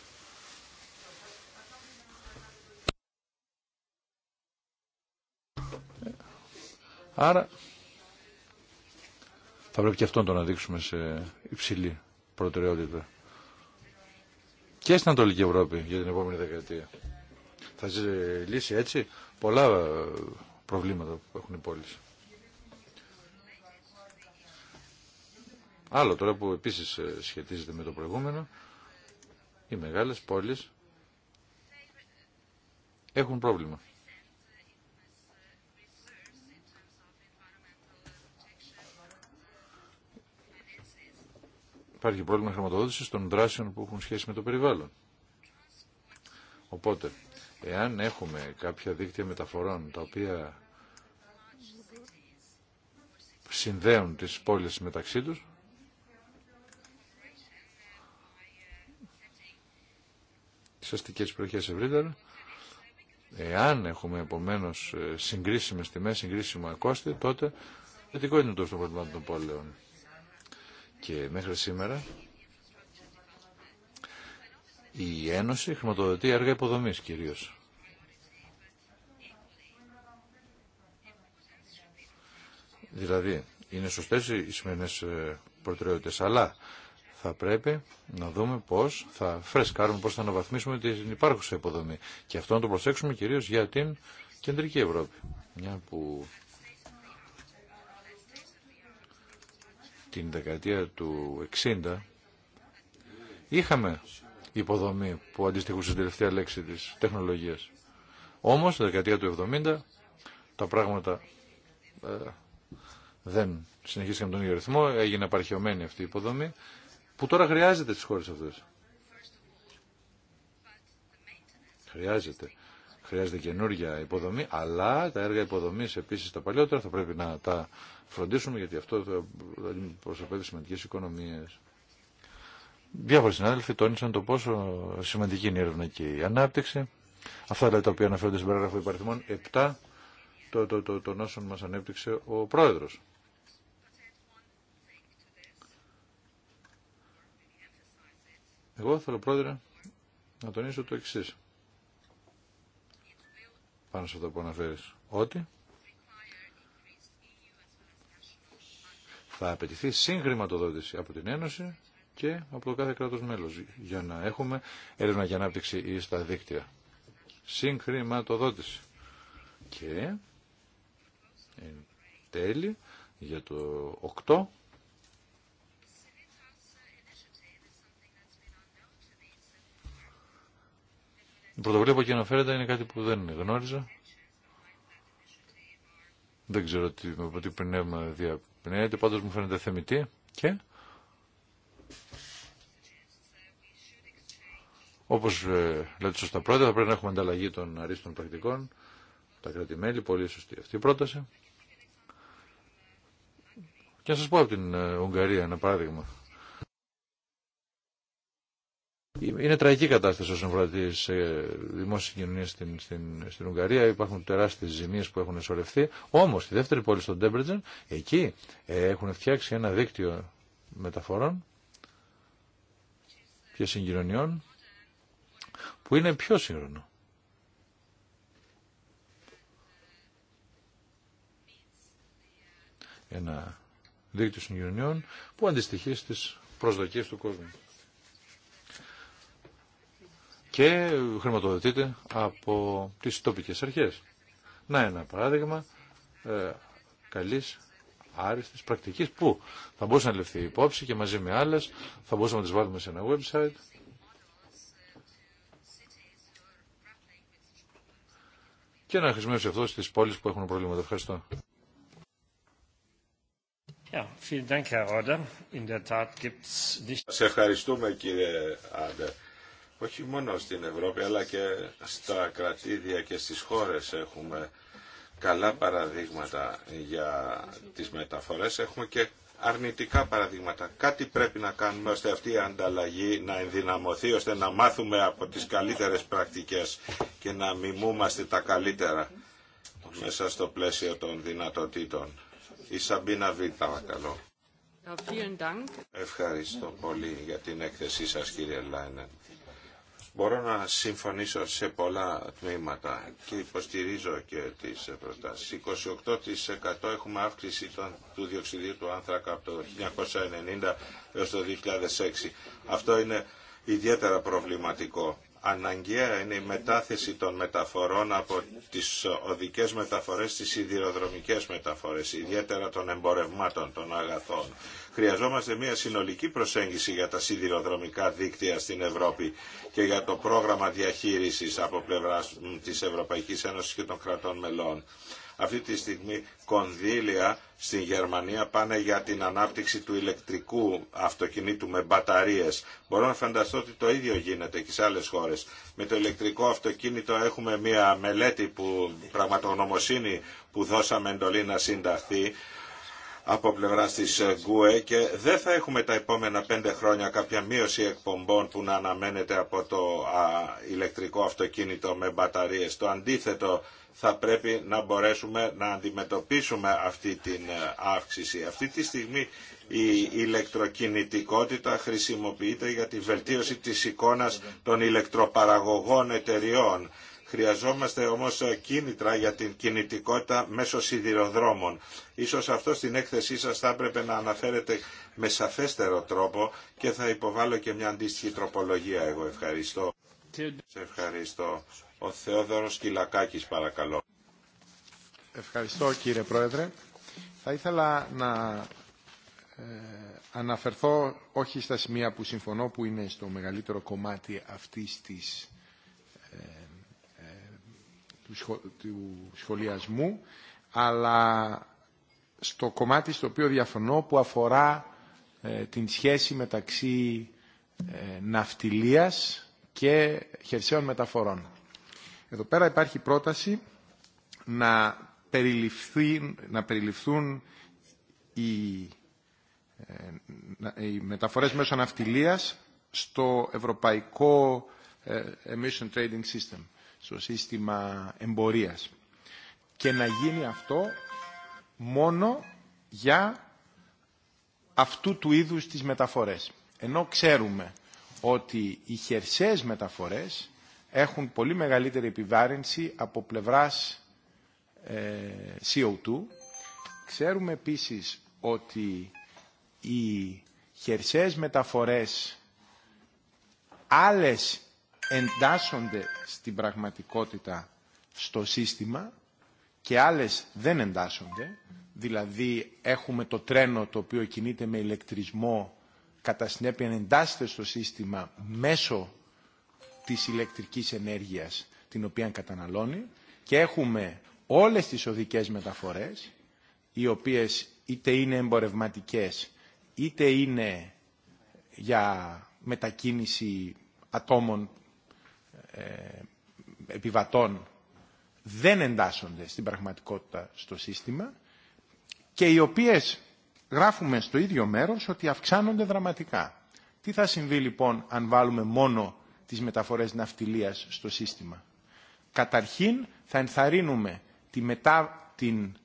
Άρα θα πρέπει και αυτόν τον δείξουμε σε υψηλή προτεραιότητα. Και στην Ανατολική Ευρώπη για την επόμενη δεκαετία. Θα λύσει έτσι πολλά ε, προβλήματα που έχουν οι πόλεις. Άλλο τώρα που επίσης ε, σχετίζεται με το προηγούμενο, οι μεγάλες πόλεις έχουν πρόβλημα. Υπάρχει πρόβλημα χρηματοδότησης των δράσεων που έχουν σχέση με το περιβάλλον. Οπότε, εάν έχουμε κάποια δίκτυα μεταφορών τα οποία συνδέουν τις πόλεις μεταξύ τους, τις αστικές περιοχές ευρύτερα. Εάν έχουμε επομένω ε, συγκρίσιμες τιμές, συγκρίσιμα κόστη, τότε θετικό είναι το στο πρόβλημα των πόλεων. Και μέχρι σήμερα η Ένωση χρηματοδοτεί έργα υποδομής κυρίως. Δηλαδή, είναι σωστές οι σημερινές ε, προτεραιότητες, αλλά θα πρέπει να δούμε πώς θα φρεσκάρουμε, πώς θα αναβαθμίσουμε την υπάρχουσα υποδομή. Και αυτό να το προσέξουμε κυρίως για την κεντρική Ευρώπη. Μια που την δεκαετία του 60 είχαμε υποδομή που αντιστοιχούσε στην τελευταία λέξη της τεχνολογίας. Όμως, την δεκαετία του 70 τα πράγματα ε, δεν συνεχίστηκαν τον ίδιο ρυθμό, έγινε απαρχαιωμένη αυτή η υποδομή που τώρα χρειάζεται στις χώρες αυτές. Χρειάζεται. Χρειάζεται καινούργια υποδομή, αλλά τα έργα υποδομής επίσης τα παλιότερα θα πρέπει να τα φροντίσουμε, γιατί αυτό θα προσωπεύει σημαντικές οικονομίες. Διάφοροι συνάδελφοι τόνισαν το πόσο σημαντική είναι η έρευνα και η ανάπτυξη. Αυτά τα οποία αναφέρονται στην παράγραφο υπαριθμών 7 των το, το, το, όσων μας ανέπτυξε ο Πρόεδρος. Εγώ θέλω πρόεδρε να τονίσω το εξή. Πάνω σε αυτό που αναφέρει. Ότι θα απαιτηθεί συγχρηματοδότηση από την Ένωση και από το κάθε κράτος μέλος για να έχουμε έρευνα για ανάπτυξη ή στα δίκτυα. Συγχρηματοδότηση. Και εν τέλει για το 8 Η πρωτοβουλία που εκεί αναφέρεται είναι κάτι που δεν γνώριζα. Δεν ξέρω τι, με τι πνεύμα διαπνέεται, πάντως μου φαίνεται θεμητή και όπως ε, λέτε σωστά πρώτα θα πρέπει να έχουμε ανταλλαγή των αρίστων πρακτικών, τα κρατη πολύ σωστή αυτή η πρόταση. Και να σας πω από την ε, Ουγγαρία ένα παράδειγμα. Είναι τραγική κατάσταση όσον αφορά τι ε, δημόσιε κοινωνίε στην, στην, στην Ουγγαρία. Υπάρχουν τεράστιε ζημίε που έχουν εσωρευτεί. Όμω, στη δεύτερη πόλη, στον Ντέμπριτζεν, εκεί ε, έχουν φτιάξει ένα δίκτυο μεταφορών και συγκοινωνιών που είναι πιο σύγχρονο. Ένα δίκτυο συγκοινωνιών που αντιστοιχεί στις προσδοκίε του κόσμου και χρηματοδοτείται από τις τοπικές αρχές. Να ένα παράδειγμα ε, καλής άριστης πρακτικής που θα μπορούσε να ληφθεί υπόψη και μαζί με άλλες θα μπορούσαμε να τις βάλουμε σε ένα website και να χρησιμεύσει αυτό στις πόλεις που έχουν προβλήματα. Ευχαριστώ. Σε ευχαριστούμε κύριε Άντερ όχι μόνο στην Ευρώπη αλλά και στα κρατήδια και στις χώρες έχουμε καλά παραδείγματα για τις μεταφορές. Έχουμε και αρνητικά παραδείγματα. Κάτι πρέπει να κάνουμε ώστε αυτή η ανταλλαγή να ενδυναμωθεί, ώστε να μάθουμε από τις καλύτερες πρακτικές και να μιμούμαστε τα καλύτερα μέσα στο πλαίσιο των δυνατοτήτων. Η Σαμπίνα Β. παρακαλώ. Ευχαριστώ πολύ για την έκθεσή σας κύριε Λάινεν. Μπορώ να συμφωνήσω σε πολλά τμήματα και υποστηρίζω και τις προτάσεις. 28% έχουμε αύξηση του διοξιδίου του άνθρακα από το 1990 έως το 2006. Αυτό είναι ιδιαίτερα προβληματικό αναγκαία είναι η μετάθεση των μεταφορών από τις οδικές μεταφορές στις σιδηροδρομικές μεταφορές, ιδιαίτερα των εμπορευμάτων, των αγαθών. Χρειαζόμαστε μια συνολική προσέγγιση για τα σιδηροδρομικά δίκτυα στην Ευρώπη και για το πρόγραμμα διαχείρισης από πλευράς της Ευρωπαϊκής Ένωσης και των κρατών μελών. Αυτή τη στιγμή κονδύλια στην Γερμανία πάνε για την ανάπτυξη του ηλεκτρικού αυτοκινήτου με μπαταρίες. Μπορώ να φανταστώ ότι το ίδιο γίνεται και σε άλλες χώρες. Με το ηλεκτρικό αυτοκίνητο έχουμε μια μελέτη που πραγματογνωμοσύνη που δώσαμε εντολή να συνταχθεί από πλευρά τη ε, ΓΚΟΕ και δεν θα έχουμε τα επόμενα πέντε χρόνια κάποια μείωση εκπομπών που να αναμένεται από το ηλεκτρικό αυτοκίνητο με μπαταρίες. Το αντίθετο θα πρέπει να μπορέσουμε να αντιμετωπίσουμε αυτή την ε, αύξηση. Αυτή τη στιγμή η ηλεκτροκινητικότητα χρησιμοποιείται για τη βελτίωση της εικόνας των ηλεκτροπαραγωγών εταιριών Χρειαζόμαστε όμως ε, κίνητρα για την κινητικότητα μέσω σιδηροδρόμων. Ίσως αυτό στην έκθεσή σας θα έπρεπε να αναφέρετε με σαφέστερο τρόπο και θα υποβάλω και μια αντίστοιχη τροπολογία εγώ. Ευχαριστώ. Σε ευχαριστώ. Ο Θεόδωρος Κυλακάκης παρακαλώ. Ευχαριστώ κύριε Πρόεδρε. Θα ήθελα να ε, αναφερθώ όχι στα σημεία που συμφωνώ που είναι στο μεγαλύτερο κομμάτι αυτής της του σχολιασμού, αλλά στο κομμάτι στο οποίο διαφωνώ που αφορά ε, την σχέση μεταξύ ε, ναυτιλίας και χερσαίων μεταφορών. Εδώ πέρα υπάρχει πρόταση να, περιληφθεί, να περιληφθούν οι, ε, οι μεταφορές μέσω ναυτιλίας στο ευρωπαϊκό Emission Trading System στο σύστημα εμπορίας. Και να γίνει αυτό μόνο για αυτού του είδους τις μεταφορές. Ενώ ξέρουμε ότι οι χερσαίες μεταφορές έχουν πολύ μεγαλύτερη επιβάρυνση από πλευράς ε, CO2. Ξέρουμε επίσης ότι οι χερσαίες μεταφορές άλλες εντάσσονται στην πραγματικότητα στο σύστημα και άλλες δεν εντάσσονται. Δηλαδή έχουμε το τρένο το οποίο κινείται με ηλεκτρισμό κατά συνέπεια εντάσσεται στο σύστημα μέσω της ηλεκτρικής ενέργειας την οποία καταναλώνει και έχουμε όλες τις οδικές μεταφορές οι οποίες είτε είναι εμπορευματικές είτε είναι για μετακίνηση ατόμων ε, επιβατών δεν εντάσσονται στην πραγματικότητα στο σύστημα και οι οποίες γράφουμε στο ίδιο μέρος ότι αυξάνονται δραματικά. Τι θα συμβεί λοιπόν αν βάλουμε μόνο τις μεταφορές ναυτιλίας στο σύστημα. Καταρχήν θα ενθαρρύνουμε τη μετα... την...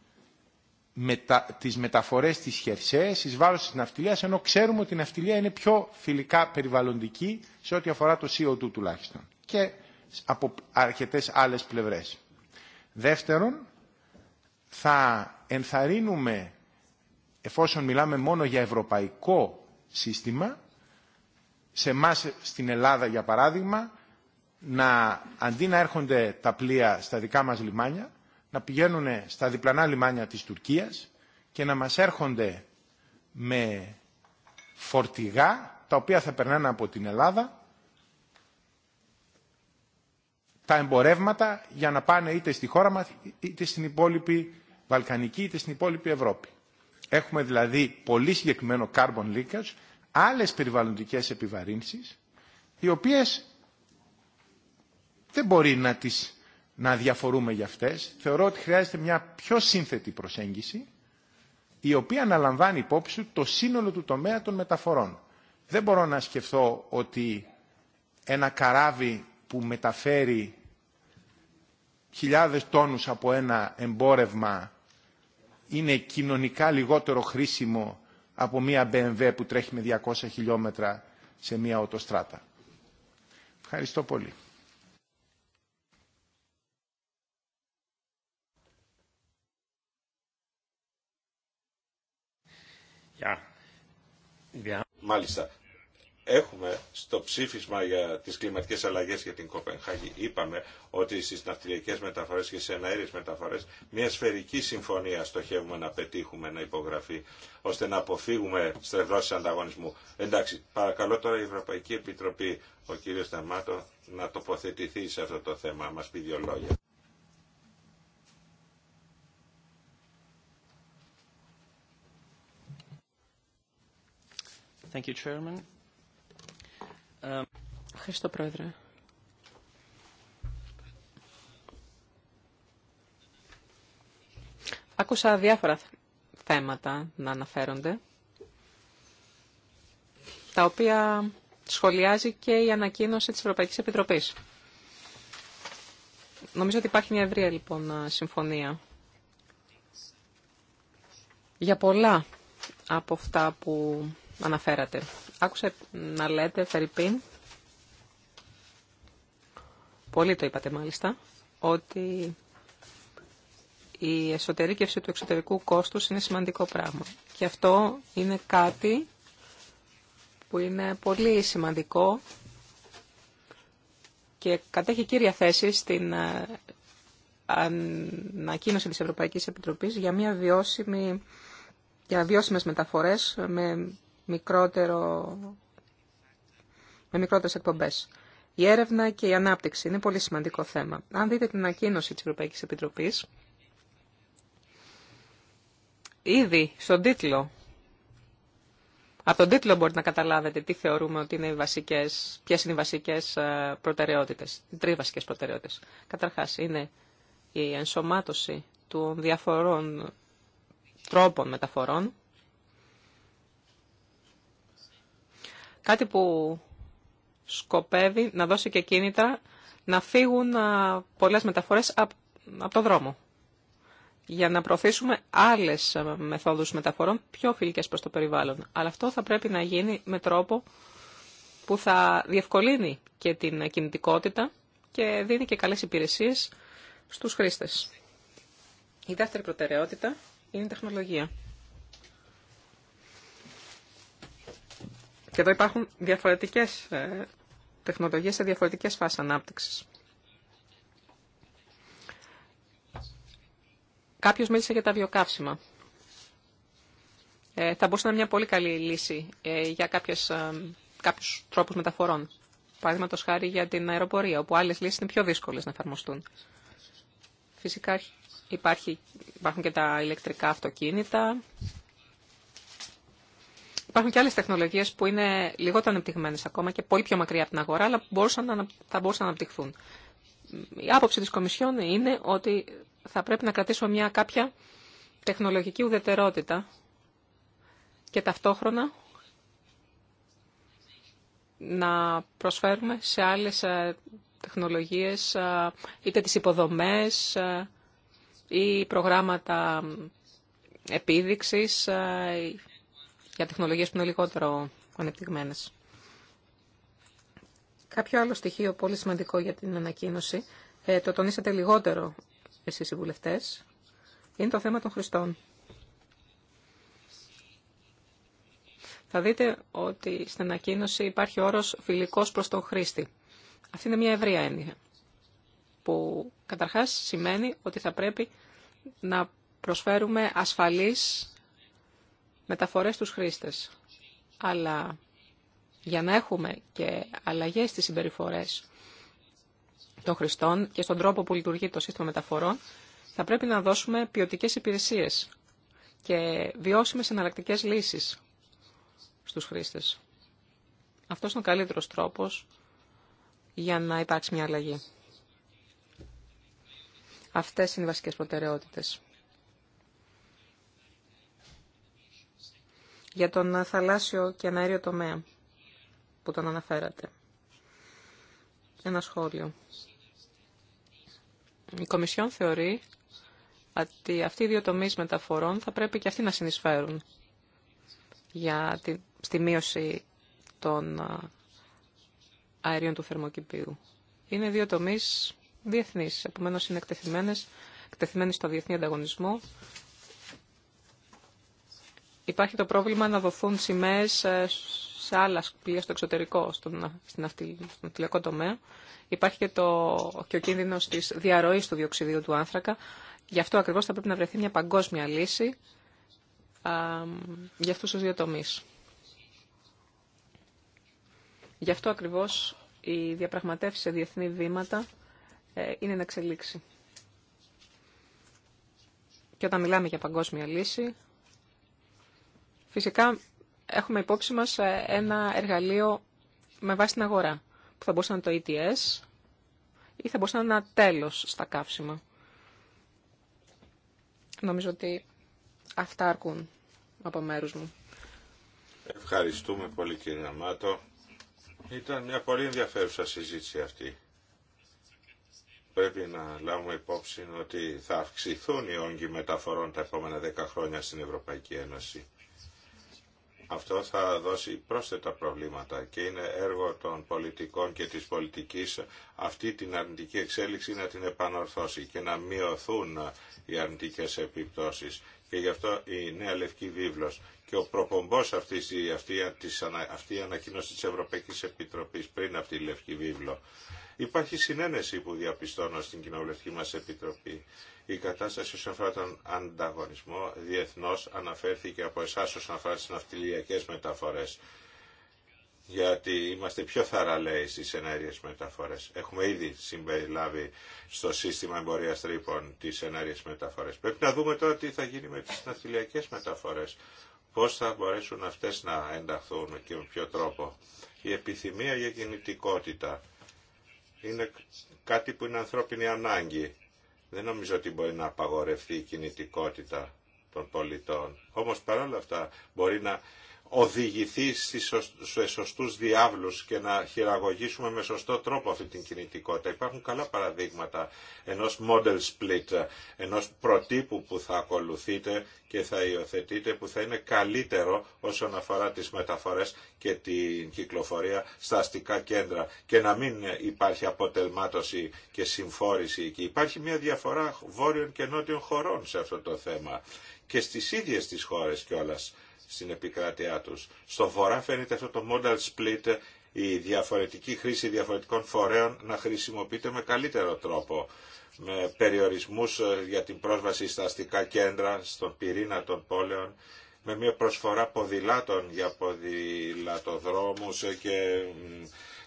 Μετα... τις μεταφορές της χερσαίας εις βάρος της ναυτιλίας, ενώ ξέρουμε ότι η ναυτιλία είναι πιο φιλικά περιβαλλοντική σε ό,τι αφορά το CO2 τουλάχιστον και από αρκετές άλλες πλευρές. Δεύτερον, θα ενθαρρύνουμε, εφόσον μιλάμε μόνο για ευρωπαϊκό σύστημα, σε εμά στην Ελλάδα για παράδειγμα, να αντί να έρχονται τα πλοία στα δικά μας λιμάνια, να πηγαίνουν στα διπλανά λιμάνια της Τουρκίας και να μας έρχονται με φορτηγά, τα οποία θα περνάνε από την Ελλάδα, τα εμπορεύματα για να πάνε είτε στη χώρα μας, είτε στην υπόλοιπη Βαλκανική, είτε στην υπόλοιπη Ευρώπη. Έχουμε δηλαδή πολύ συγκεκριμένο carbon leakage, άλλες περιβαλλοντικές επιβαρύνσεις, οι οποίες δεν μπορεί να, τις, να διαφορούμε για αυτές. Θεωρώ ότι χρειάζεται μια πιο σύνθετη προσέγγιση, η οποία αναλαμβάνει υπόψη το σύνολο του τομέα των μεταφορών. Δεν μπορώ να σκεφτώ ότι ένα καράβι που μεταφέρει χιλιάδες τόνους από ένα εμπόρευμα είναι κοινωνικά λιγότερο χρήσιμο από μία BMW που τρέχει με 200 χιλιόμετρα σε μία οτοστράτα. Ευχαριστώ πολύ. Μάλιστα έχουμε στο ψήφισμα για τις κλιματικές αλλαγές για την Κοπενχάγη είπαμε ότι στις ναυτιλιακές μεταφορές και στις εναέριες μεταφορές μια σφαιρική συμφωνία στοχεύουμε να πετύχουμε να υπογραφεί ώστε να αποφύγουμε στρεβλώσεις ανταγωνισμού. Εντάξει, παρακαλώ τώρα η Ευρωπαϊκή Επιτροπή, ο κύριος Σταμάτο, να τοποθετηθεί σε αυτό το θέμα, μας πει δύο λόγια. Thank you, Chairman. Ευχαριστώ, Πρόεδρε. Άκουσα διάφορα θέματα να αναφέρονται, τα οποία σχολιάζει και η ανακοίνωση της Ευρωπαϊκής Επιτροπής. Νομίζω ότι υπάρχει μια ευρεία λοιπόν συμφωνία για πολλά από αυτά που αναφέρατε άκουσε να λέτε, Φερρυπίν, πολύ το είπατε μάλιστα, ότι η εσωτερήκευση του εξωτερικού κόστους είναι σημαντικό πράγμα. Και αυτό είναι κάτι που είναι πολύ σημαντικό και κατέχει κύρια θέση στην ε, ανακοίνωση της Ευρωπαϊκής Επιτροπής για μια βιώσιμη για βιώσιμες μεταφορές με μικρότερο, με μικρότερες εκπομπές. Η έρευνα και η ανάπτυξη είναι πολύ σημαντικό θέμα. Αν δείτε την ανακοίνωση της Ευρωπαϊκής Επιτροπής, ήδη στον τίτλο, από τον τίτλο μπορείτε να καταλάβετε τι θεωρούμε ότι είναι οι βασικές, ποιες είναι οι βασικές ε, προτεραιότητες, οι τρεις βασικές προτεραιότητες. Καταρχάς είναι η ενσωμάτωση των διαφορών τρόπων μεταφορών, Κάτι που σκοπεύει να δώσει και κίνητρα να φύγουν πολλές μεταφορές από το δρόμο για να προωθήσουμε άλλες μεθόδους μεταφορών πιο φιλικές προς το περιβάλλον. Αλλά αυτό θα πρέπει να γίνει με τρόπο που θα διευκολύνει και την κινητικότητα και δίνει και καλές υπηρεσίες στους χρήστες. Η δεύτερη προτεραιότητα είναι η τεχνολογία. Και εδώ υπάρχουν διαφορετικές ε, τεχνολογίες σε διαφορετικές φάσεις ανάπτυξης. Κάποιος μίλησε για τα βιοκαύσιμα. Ε, θα μπορούσε να είναι μια πολύ καλή λύση ε, για κάποιες, ε, κάποιους τρόπους μεταφορών. Παραδείγματο χάρη για την αεροπορία, όπου άλλες λύσεις είναι πιο δύσκολες να εφαρμοστούν. Φυσικά υπάρχει, υπάρχουν και τα ηλεκτρικά αυτοκίνητα, Υπάρχουν και άλλε τεχνολογίες που είναι λιγότερο ανεπτυγμένε ακόμα και πολύ πιο μακριά από την αγορά, αλλά μπορούσαν να, θα μπορούσαν να αναπτυχθούν. Η άποψη τη Κομισιόν είναι ότι θα πρέπει να κρατήσουμε μια κάποια τεχνολογική ουδετερότητα και ταυτόχρονα να προσφέρουμε σε άλλες ε, τεχνολογίες, ε, είτε τις υποδομές ε, ή προγράμματα επίδειξης για τεχνολογίες που είναι λιγότερο ανεπτυγμένε. Κάποιο άλλο στοιχείο πολύ σημαντικό για την ανακοίνωση, ε, το τονίσατε λιγότερο εσείς οι βουλευτές, είναι το θέμα των χρηστών. Θα δείτε ότι στην ανακοίνωση υπάρχει όρος φιλικός προς τον χρήστη. Αυτή είναι μια ευρεία έννοια, που καταρχάς σημαίνει ότι θα πρέπει να προσφέρουμε ασφαλείς μεταφορές στους χρήστες. Αλλά για να έχουμε και αλλαγές στις συμπεριφορές των χρηστών και στον τρόπο που λειτουργεί το σύστημα μεταφορών, θα πρέπει να δώσουμε ποιοτικέ υπηρεσίες και βιώσιμες εναλλακτικέ λύσεις στους χρήστες. Αυτός είναι ο καλύτερος τρόπος για να υπάρξει μια αλλαγή. Αυτές είναι οι βασικές προτεραιότητες. για τον θαλάσσιο και αέριο τομέα που τον αναφέρατε. Ένα σχόλιο. Η Κομισιόν θεωρεί ότι αυτοί οι δύο τομείς μεταφορών θα πρέπει και αυτοί να συνεισφέρουν για τη, στη μείωση των αερίων του θερμοκηπίου. Είναι δύο τομείς διεθνείς, επομένως είναι εκτεθειμένες, στο διεθνή ανταγωνισμό Υπάρχει το πρόβλημα να δοθούν σημαίε ε, σε άλλα πλοία στο εξωτερικό, στον, στην αυτιλ, στον αυτιλιακό τομέα. Υπάρχει και, το, και ο κίνδυνο της διαρροής του διοξιδίου του άνθρακα. Γι' αυτό ακριβώς θα πρέπει να βρεθεί μια παγκόσμια λύση για αυτού του δύο τομείς. Γι' αυτό ακριβώς η διαπραγματεύση σε διεθνή βήματα ε, είναι να εξελίξει. Και όταν μιλάμε για παγκόσμια λύση, Φυσικά έχουμε υπόψη μας ε, ένα εργαλείο με βάση την αγορά, που θα μπορούσε να είναι το ETS ή θα μπορούσε να είναι ένα τέλος στα καύσιμα. Νομίζω ότι αυτά αρκούν από μέρους μου. Ευχαριστούμε πολύ κύριε Αμάτο. Ήταν μια πολύ ενδιαφέρουσα συζήτηση αυτή. Πρέπει να λάβουμε υπόψη ότι θα αυξηθούν οι όγκοι μεταφορών τα επόμενα δέκα χρόνια στην Ευρωπαϊκή Ένωση. Αυτό θα δώσει πρόσθετα προβλήματα και είναι έργο των πολιτικών και της πολιτικής αυτή την αρνητική εξέλιξη να την επανορθώσει και να μειωθούν οι αρνητικές επιπτώσεις. Και γι' αυτό η Νέα Λευκή Βίβλος και ο προπομπός αυτής, αυτή, αυτή η ανακοίνωση της Ευρωπαϊκής Επιτροπής πριν από τη Λευκή Βίβλο. Υπάρχει συνένεση που διαπιστώνω στην Κοινοβουλευτική μας Επιτροπή η κατάσταση όσον αφορά τον ανταγωνισμό διεθνώ αναφέρθηκε από εσά όσον αφορά τι ναυτιλιακέ μεταφορές γιατί είμαστε πιο θαραλέοι στι ενέργειε μεταφορέ. Έχουμε ήδη συμπεριλάβει στο σύστημα εμπορία τρύπων τις ενέργειε μεταφορές. Πρέπει να δούμε τώρα τι θα γίνει με τις ναυτιλιακέ μεταφορές. Πώς θα μπορέσουν αυτέ να ενταχθούν και με ποιο τρόπο. Η επιθυμία για κινητικότητα είναι κάτι που είναι ανθρώπινη ανάγκη δεν νομίζω ότι μπορεί να απαγορευτεί η κινητικότητα των πολιτών. Όμως παρόλα αυτά μπορεί να οδηγηθεί σε σωστού διάβλους και να χειραγωγήσουμε με σωστό τρόπο αυτή την κινητικότητα. Υπάρχουν καλά παραδείγματα ενός model split, ενός προτύπου που θα ακολουθείτε και θα υιοθετείτε που θα είναι καλύτερο όσον αφορά τις μεταφορές και την κυκλοφορία στα αστικά κέντρα και να μην υπάρχει αποτελμάτωση και συμφόρηση εκεί. Υπάρχει μια διαφορά βόρειων και νότιων χωρών σε αυτό το θέμα και στις ίδιες τις χώρες κιόλας στην επικράτειά Στο βορρά φαίνεται αυτό το modal split, η διαφορετική χρήση διαφορετικών φορέων να χρησιμοποιείται με καλύτερο τρόπο με περιορισμούς ε, για την πρόσβαση στα αστικά κέντρα, στον πυρήνα των πόλεων, με μια προσφορά ποδηλάτων για ποδηλατοδρόμους ε, και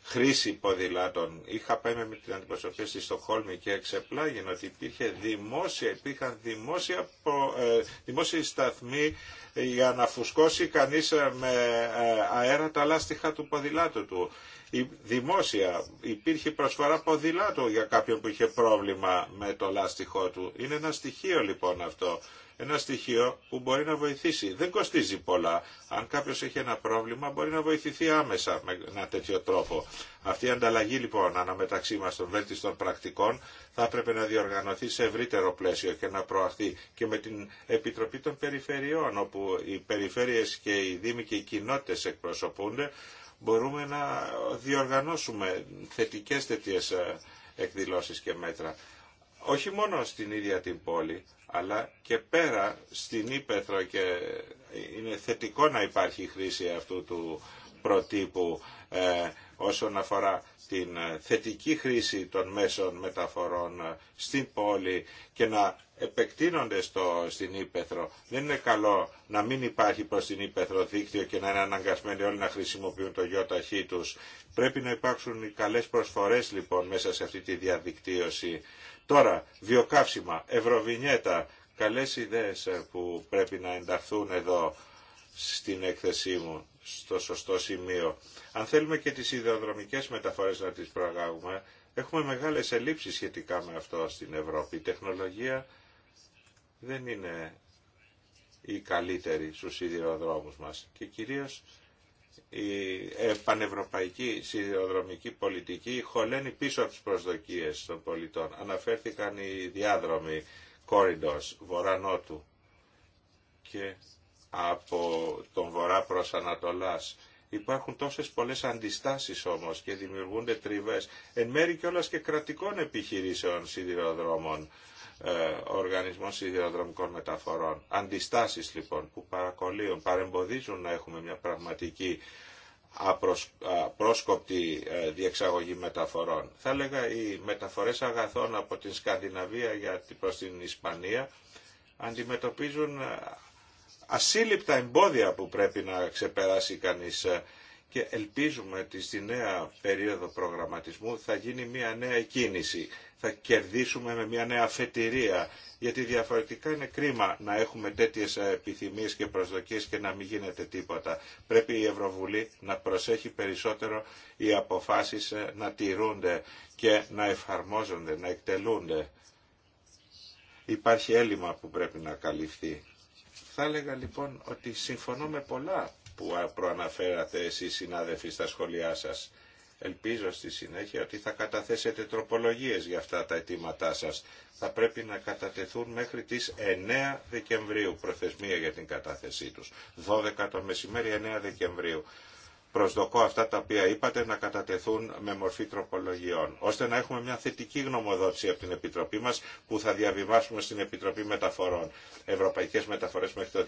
χρήση ποδηλάτων. Είχα πάει με την αντιπροσωπεία στη Στοχόλμη και εξεπλάγει ότι υπήρχε δημόσια, υπήρχαν δημόσια, ε, δημόσια σταθμοί ε, για να φουσκώσει κανείς ε, με αέρα τα λάστιχα του ποδηλάτου του. Η δημόσια υπήρχε προσφορά ποδηλάτου για κάποιον που είχε πρόβλημα με το λάστιχό του. Είναι ένα στοιχείο λοιπόν αυτό ένα στοιχείο που μπορεί να βοηθήσει. Δεν κοστίζει πολλά. Αν κάποιος έχει ένα πρόβλημα μπορεί να βοηθηθεί άμεσα με ένα τέτοιο τρόπο. Αυτή η ανταλλαγή λοιπόν αναμεταξύ μας των βέλτιστων πρακτικών θα έπρεπε να διοργανωθεί σε ευρύτερο πλαίσιο και να προαχθεί και με την Επιτροπή των Περιφερειών όπου οι περιφέρειες και οι δήμοι και οι κοινότητες εκπροσωπούνται μπορούμε να διοργανώσουμε θετικές τέτοιες ε, εκδηλώσεις και μέτρα. Όχι μόνο στην ίδια την πόλη, αλλά και πέρα στην Ήπεθρο και είναι θετικό να υπάρχει χρήση αυτού του προτύπου ε, όσον αφορά την θετική χρήση των μέσων μεταφορών ε, στην πόλη και να επεκτείνονται στο, στην Ήπεθρο. Δεν είναι καλό να μην υπάρχει προς την Ήπεθρο δίκτυο και να είναι αναγκασμένοι όλοι να χρησιμοποιούν το ταχύ τους. Πρέπει να υπάρξουν καλές προσφορές λοιπόν μέσα σε αυτή τη διαδικτύωση Τώρα, βιοκαύσιμα, ευρωβινιέτα, καλές ιδέες ε, που πρέπει να ενταχθούν εδώ στην έκθεσή μου, στο σωστό σημείο. Αν θέλουμε και τις ιδεοδρομικές μεταφορές να τις προαγάγουμε, έχουμε μεγάλες ελλείψεις σχετικά με αυτό στην Ευρώπη. Η τεχνολογία δεν είναι η καλύτερη στους ιδεοδρόμους μας και κυρίως η πανευρωπαϊκή σιδηροδρομική πολιτική χωλαίνει πίσω από τις προσδοκίες των πολιτών. Αναφέρθηκαν οι διάδρομοι corridors βορρά-νότου και από τον βορρά προς Ανατολάς. Υπάρχουν τόσες πολλές αντιστάσεις όμως και δημιουργούνται τριβές, εν μέρη κιόλας και κρατικών επιχειρήσεων σιδηροδρόμων ε, οργανισμός Σιδηροδρομικών Μεταφορών. Αντιστάσεις λοιπόν που παρακολύουν, παρεμποδίζουν να έχουμε μια πραγματική απρόσκοπτη ε, διεξαγωγή μεταφορών. Θα έλεγα οι μεταφορές αγαθών από την Σκανδιναβία για, προς την Ισπανία αντιμετωπίζουν ε, ασύλληπτα εμπόδια που πρέπει να ξεπεράσει κανείς και ελπίζουμε ότι στη νέα περίοδο προγραμματισμού θα γίνει μια νέα κίνηση θα κερδίσουμε με μια νέα αφετηρία. Γιατί διαφορετικά είναι κρίμα να έχουμε τέτοιε επιθυμίε και προσδοκίε και να μην γίνεται τίποτα. Πρέπει η Ευρωβουλή να προσέχει περισσότερο οι αποφάσει ε, να τηρούνται και να εφαρμόζονται, να εκτελούνται. Υπάρχει έλλειμμα που πρέπει να καλυφθεί. Θα έλεγα λοιπόν ότι συμφωνώ με πολλά που ε, προαναφέρατε εσείς συνάδελφοι στα σχόλιά σας. Ελπίζω στη συνέχεια ότι θα καταθέσετε τροπολογίες για αυτά τα αιτήματά σας. Θα πρέπει να κατατεθούν μέχρι τις 9 Δεκεμβρίου, προθεσμία για την κατάθεσή τους. 12 το μεσημέρι, 9 Δεκεμβρίου προσδοκώ αυτά τα οποία είπατε να κατατεθούν με μορφή τροπολογιών, ώστε να έχουμε μια θετική γνωμοδότηση από την Επιτροπή μας που θα διαβιβάσουμε στην Επιτροπή Μεταφορών. Ευρωπαϊκές μεταφορές μέχρι το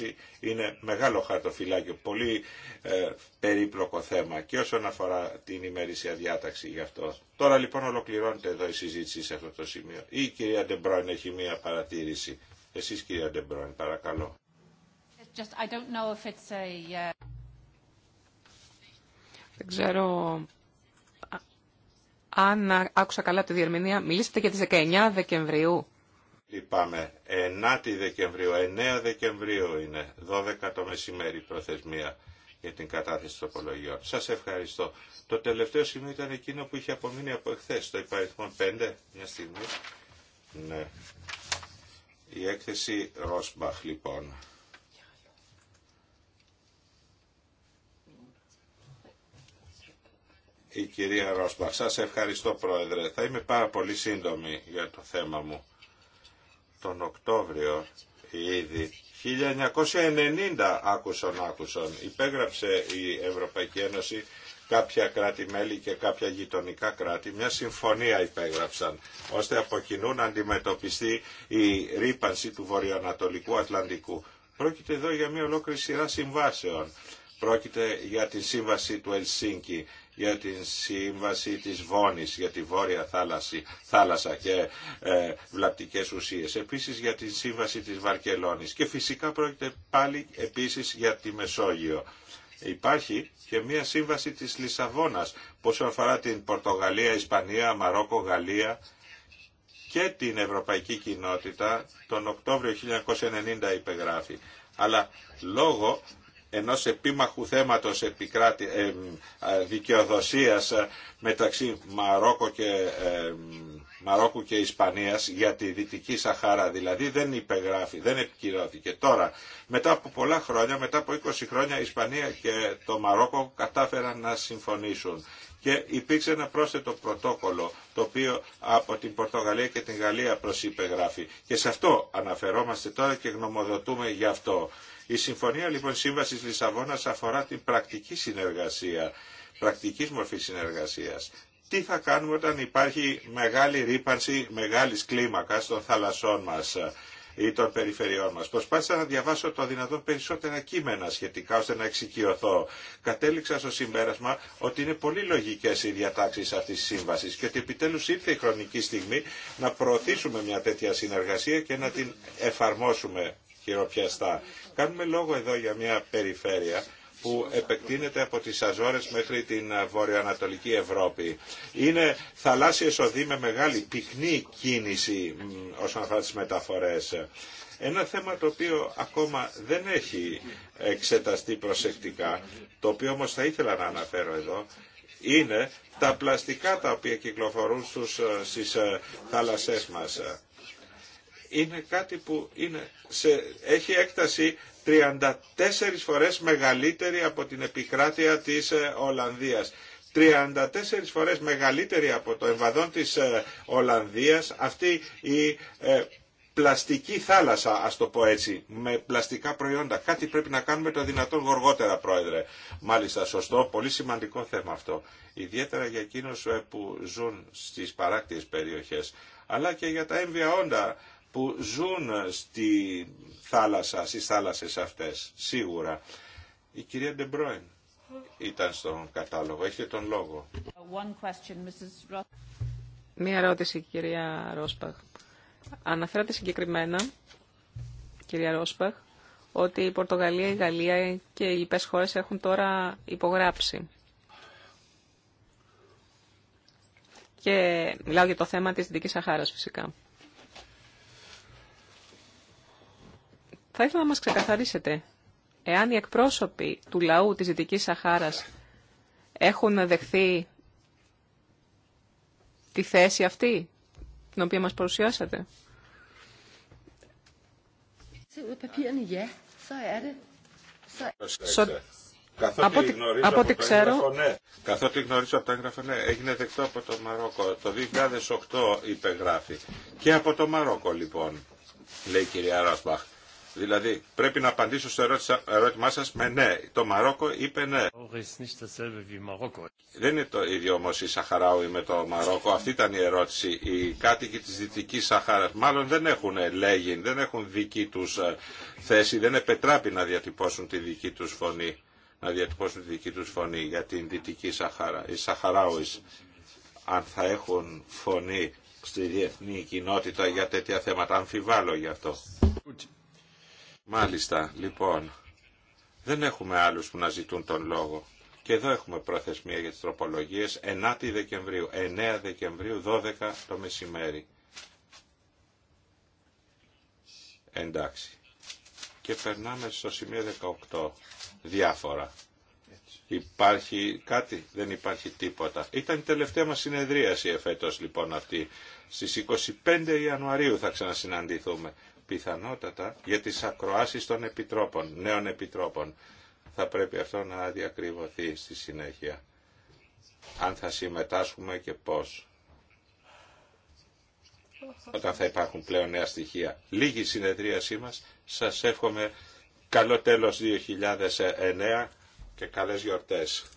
2020 είναι μεγάλο χαρτοφυλάκιο, πολύ ε, περίπλοκο θέμα και όσον αφορά την ημερήσια διάταξη γι' αυτό. Τώρα λοιπόν ολοκληρώνεται εδώ η συζήτηση σε αυτό το σημείο. Ή η κυρια Ντεμπρόιν έχει μία παρατήρηση. Εσείς κυρία Ντεμπρόιν, παρακαλώ. Uh, δεν ξέρω αν άκουσα καλά τη διερμηνία. Μιλήσατε για τις 19 Δεκεμβρίου. Λυπάμαι. 9 Δεκεμβρίου, 9 Δεκεμβρίου είναι, 12 το μεσημέρι προθεσμία για την κατάθεση τροπολογιών. Σας ευχαριστώ. Το τελευταίο σημείο ήταν εκείνο που είχε απομείνει από εχθές, το υπαριθμό 5, μια στιγμή. Ναι. Η έκθεση Ρόσμπαχ λοιπόν. η κυρία Ρόσμπαχ. Σας ευχαριστώ πρόεδρε. Θα είμαι πάρα πολύ σύντομη για το θέμα μου. Τον Οκτώβριο ήδη 1990 άκουσον άκουσον υπέγραψε η Ευρωπαϊκή Ένωση κάποια κράτη-μέλη και κάποια γειτονικά κράτη μια συμφωνία υπέγραψαν ώστε από κοινού να αντιμετωπιστεί η ρήπανση του βορειοανατολικού Ατλαντικού. Πρόκειται εδώ για μια ολόκληρη σειρά συμβάσεων. Πρόκειται για τη σύμβαση του Ελσίνκη, για την σύμβαση της Βόνης για τη Βόρεια θάλασσα, θάλασσα και ε, βλαπτικές ουσίες. Επίσης για την σύμβαση της Βαρκελόνης και φυσικά πρόκειται πάλι επίσης για τη Μεσόγειο. Υπάρχει και μια σύμβαση της Λισαβόνας πόσο αφορά την Πορτογαλία, Ισπανία, Μαρόκο, Γαλλία και την Ευρωπαϊκή Κοινότητα τον Οκτώβριο 1990 υπεγράφει. Αλλά λόγω ενός επίμαχου θέματος επικράτη, δικαιοδοσίας ε, μεταξύ Μαρόκο και, Μαρόκου και Ισπανίας για τη Δυτική Σαχάρα. Δηλαδή δεν υπεγράφει, δεν επικυρώθηκε. Τώρα, μετά από πολλά χρόνια, μετά από 20 χρόνια, η Ισπανία και το Μαρόκο κατάφεραν να συμφωνήσουν. Και υπήρξε ένα πρόσθετο πρωτόκολλο το οποίο από την Πορτογαλία και την Γαλλία προσυπεγράφει. Και σε αυτό αναφερόμαστε τώρα και γνωμοδοτούμε γι' αυτό. Η Συμφωνία λοιπόν Σύμβασης Λισαβόνας αφορά την πρακτική συνεργασία, πρακτική μορφή συνεργασίας. Τι θα κάνουμε όταν υπάρχει μεγάλη ρήπανση μεγάλης κλίμακας των θαλασσών μας ή των περιφερειών μας. Προσπάθησα να διαβάσω το δυνατόν περισσότερα κείμενα σχετικά ώστε να εξοικειωθώ. Κατέληξα στο συμπέρασμα ότι είναι πολύ λογικές οι διατάξεις αυτής της σύμβασης και ότι επιτέλους ήρθε η χρονική στιγμή να προωθήσουμε μια τέτοια συνεργασία και να την εφαρμόσουμε χειροπιαστά. Κάνουμε λόγο εδώ για μια περιφέρεια που επεκτείνεται από τις Αζόρες μέχρι την ε, βορειοανατολική Ευρώπη. Είναι θαλάσσιες οδοί με μεγάλη πυκνή κίνηση όσον αφορά τις μεταφορές. Ένα θέμα το οποίο ακόμα δεν έχει εξεταστεί προσεκτικά, το οποίο όμως θα ήθελα να αναφέρω εδώ, είναι τα πλαστικά τα οποία κυκλοφορούν στους, ε, στις ε, θάλασσές μας είναι κάτι που είναι σε, έχει έκταση 34 φορές μεγαλύτερη από την επικράτεια της ε, Ολλανδίας. 34 φορές μεγαλύτερη από το εμβαδόν της ε, Ολλανδίας αυτή η ε, πλαστική θάλασσα, ας το πω έτσι, με πλαστικά προϊόντα. Κάτι πρέπει να κάνουμε το δυνατόν γοργότερα, Πρόεδρε. Μάλιστα, σωστό, πολύ σημαντικό θέμα αυτό. Ιδιαίτερα για εκείνους που ζουν στις παράκτιες περιοχές, αλλά και για τα έμβια όντα που ζουν στη θάλασσα, στις θάλασσες αυτές, σίγουρα. Η κυρία Ντεμπρόιν ήταν στον κατάλογο, έχετε τον λόγο. Μία ερώτηση, κυρία Ρόσπαχ. Αναφέρατε συγκεκριμένα, κυρία Ρόσπαχ, ότι η Πορτογαλία, η Γαλλία και οι υπές χώρες έχουν τώρα υπογράψει. Και μιλάω για το θέμα της Δυτικής Σαχάρας φυσικά. Θα ήθελα να μας ξεκαθαρίσετε, εάν οι εκπρόσωποι του λαού της Δυτικής Σαχάρας έχουν δεχθεί τη θέση αυτή, την οποία μας παρουσιάσατε. Καθότι, από γνωρίζω από, από ξέρω... ναι. Καθότι γνωρίζω τα ναι. έγινε δεκτό από το Μαρόκο. Το 2008 υπεγράφει. Και από το Μαρόκο, λοιπόν, λέει η κυρία Ροσμπαχ. Δηλαδή πρέπει να απαντήσω στο ερώτημά σα με ναι. Το Μαρόκο είπε ναι. Δεν είναι το ίδιο όμω η Σαχαράουι με το Μαρόκο. Αυτή ήταν η ερώτηση. Οι κάτοικοι τη Δυτική Σαχάρα, μάλλον δεν έχουν λέγει, δεν έχουν δική του ε, θέση, δεν επετράπει να διατυπώσουν τη δική του φωνή να διατυπώσουν τη δική του φωνή για την Δυτική Σαχάρα. Οι Σαχαράουι, αν θα έχουν φωνή στη διεθνή κοινότητα για τέτοια θέματα, αμφιβάλλω γι' αυτό. Μάλιστα, λοιπόν, δεν έχουμε άλλους που να ζητούν τον λόγο. Και εδώ έχουμε προθεσμία για τις τροπολογίες 9 Δεκεμβρίου, 9 Δεκεμβρίου, 12 το μεσημέρι. Εντάξει. Και περνάμε στο σημείο 18. Διάφορα. Υπάρχει κάτι, δεν υπάρχει τίποτα. Ήταν η τελευταία μας συνεδρίαση εφέτος λοιπόν αυτή. Στις 25 Ιανουαρίου θα ξανασυναντηθούμε πιθανότατα για τις ακροάσεις των επιτρόπων, νέων επιτρόπων. Θα πρέπει αυτό να διακριβωθεί στη συνέχεια. Αν θα συμμετάσχουμε και πώς. Όταν θα υπάρχουν πλέον νέα στοιχεία. Λίγη συνεδρίασή μας. Σας εύχομαι καλό τέλος 2009 και καλές γιορτές.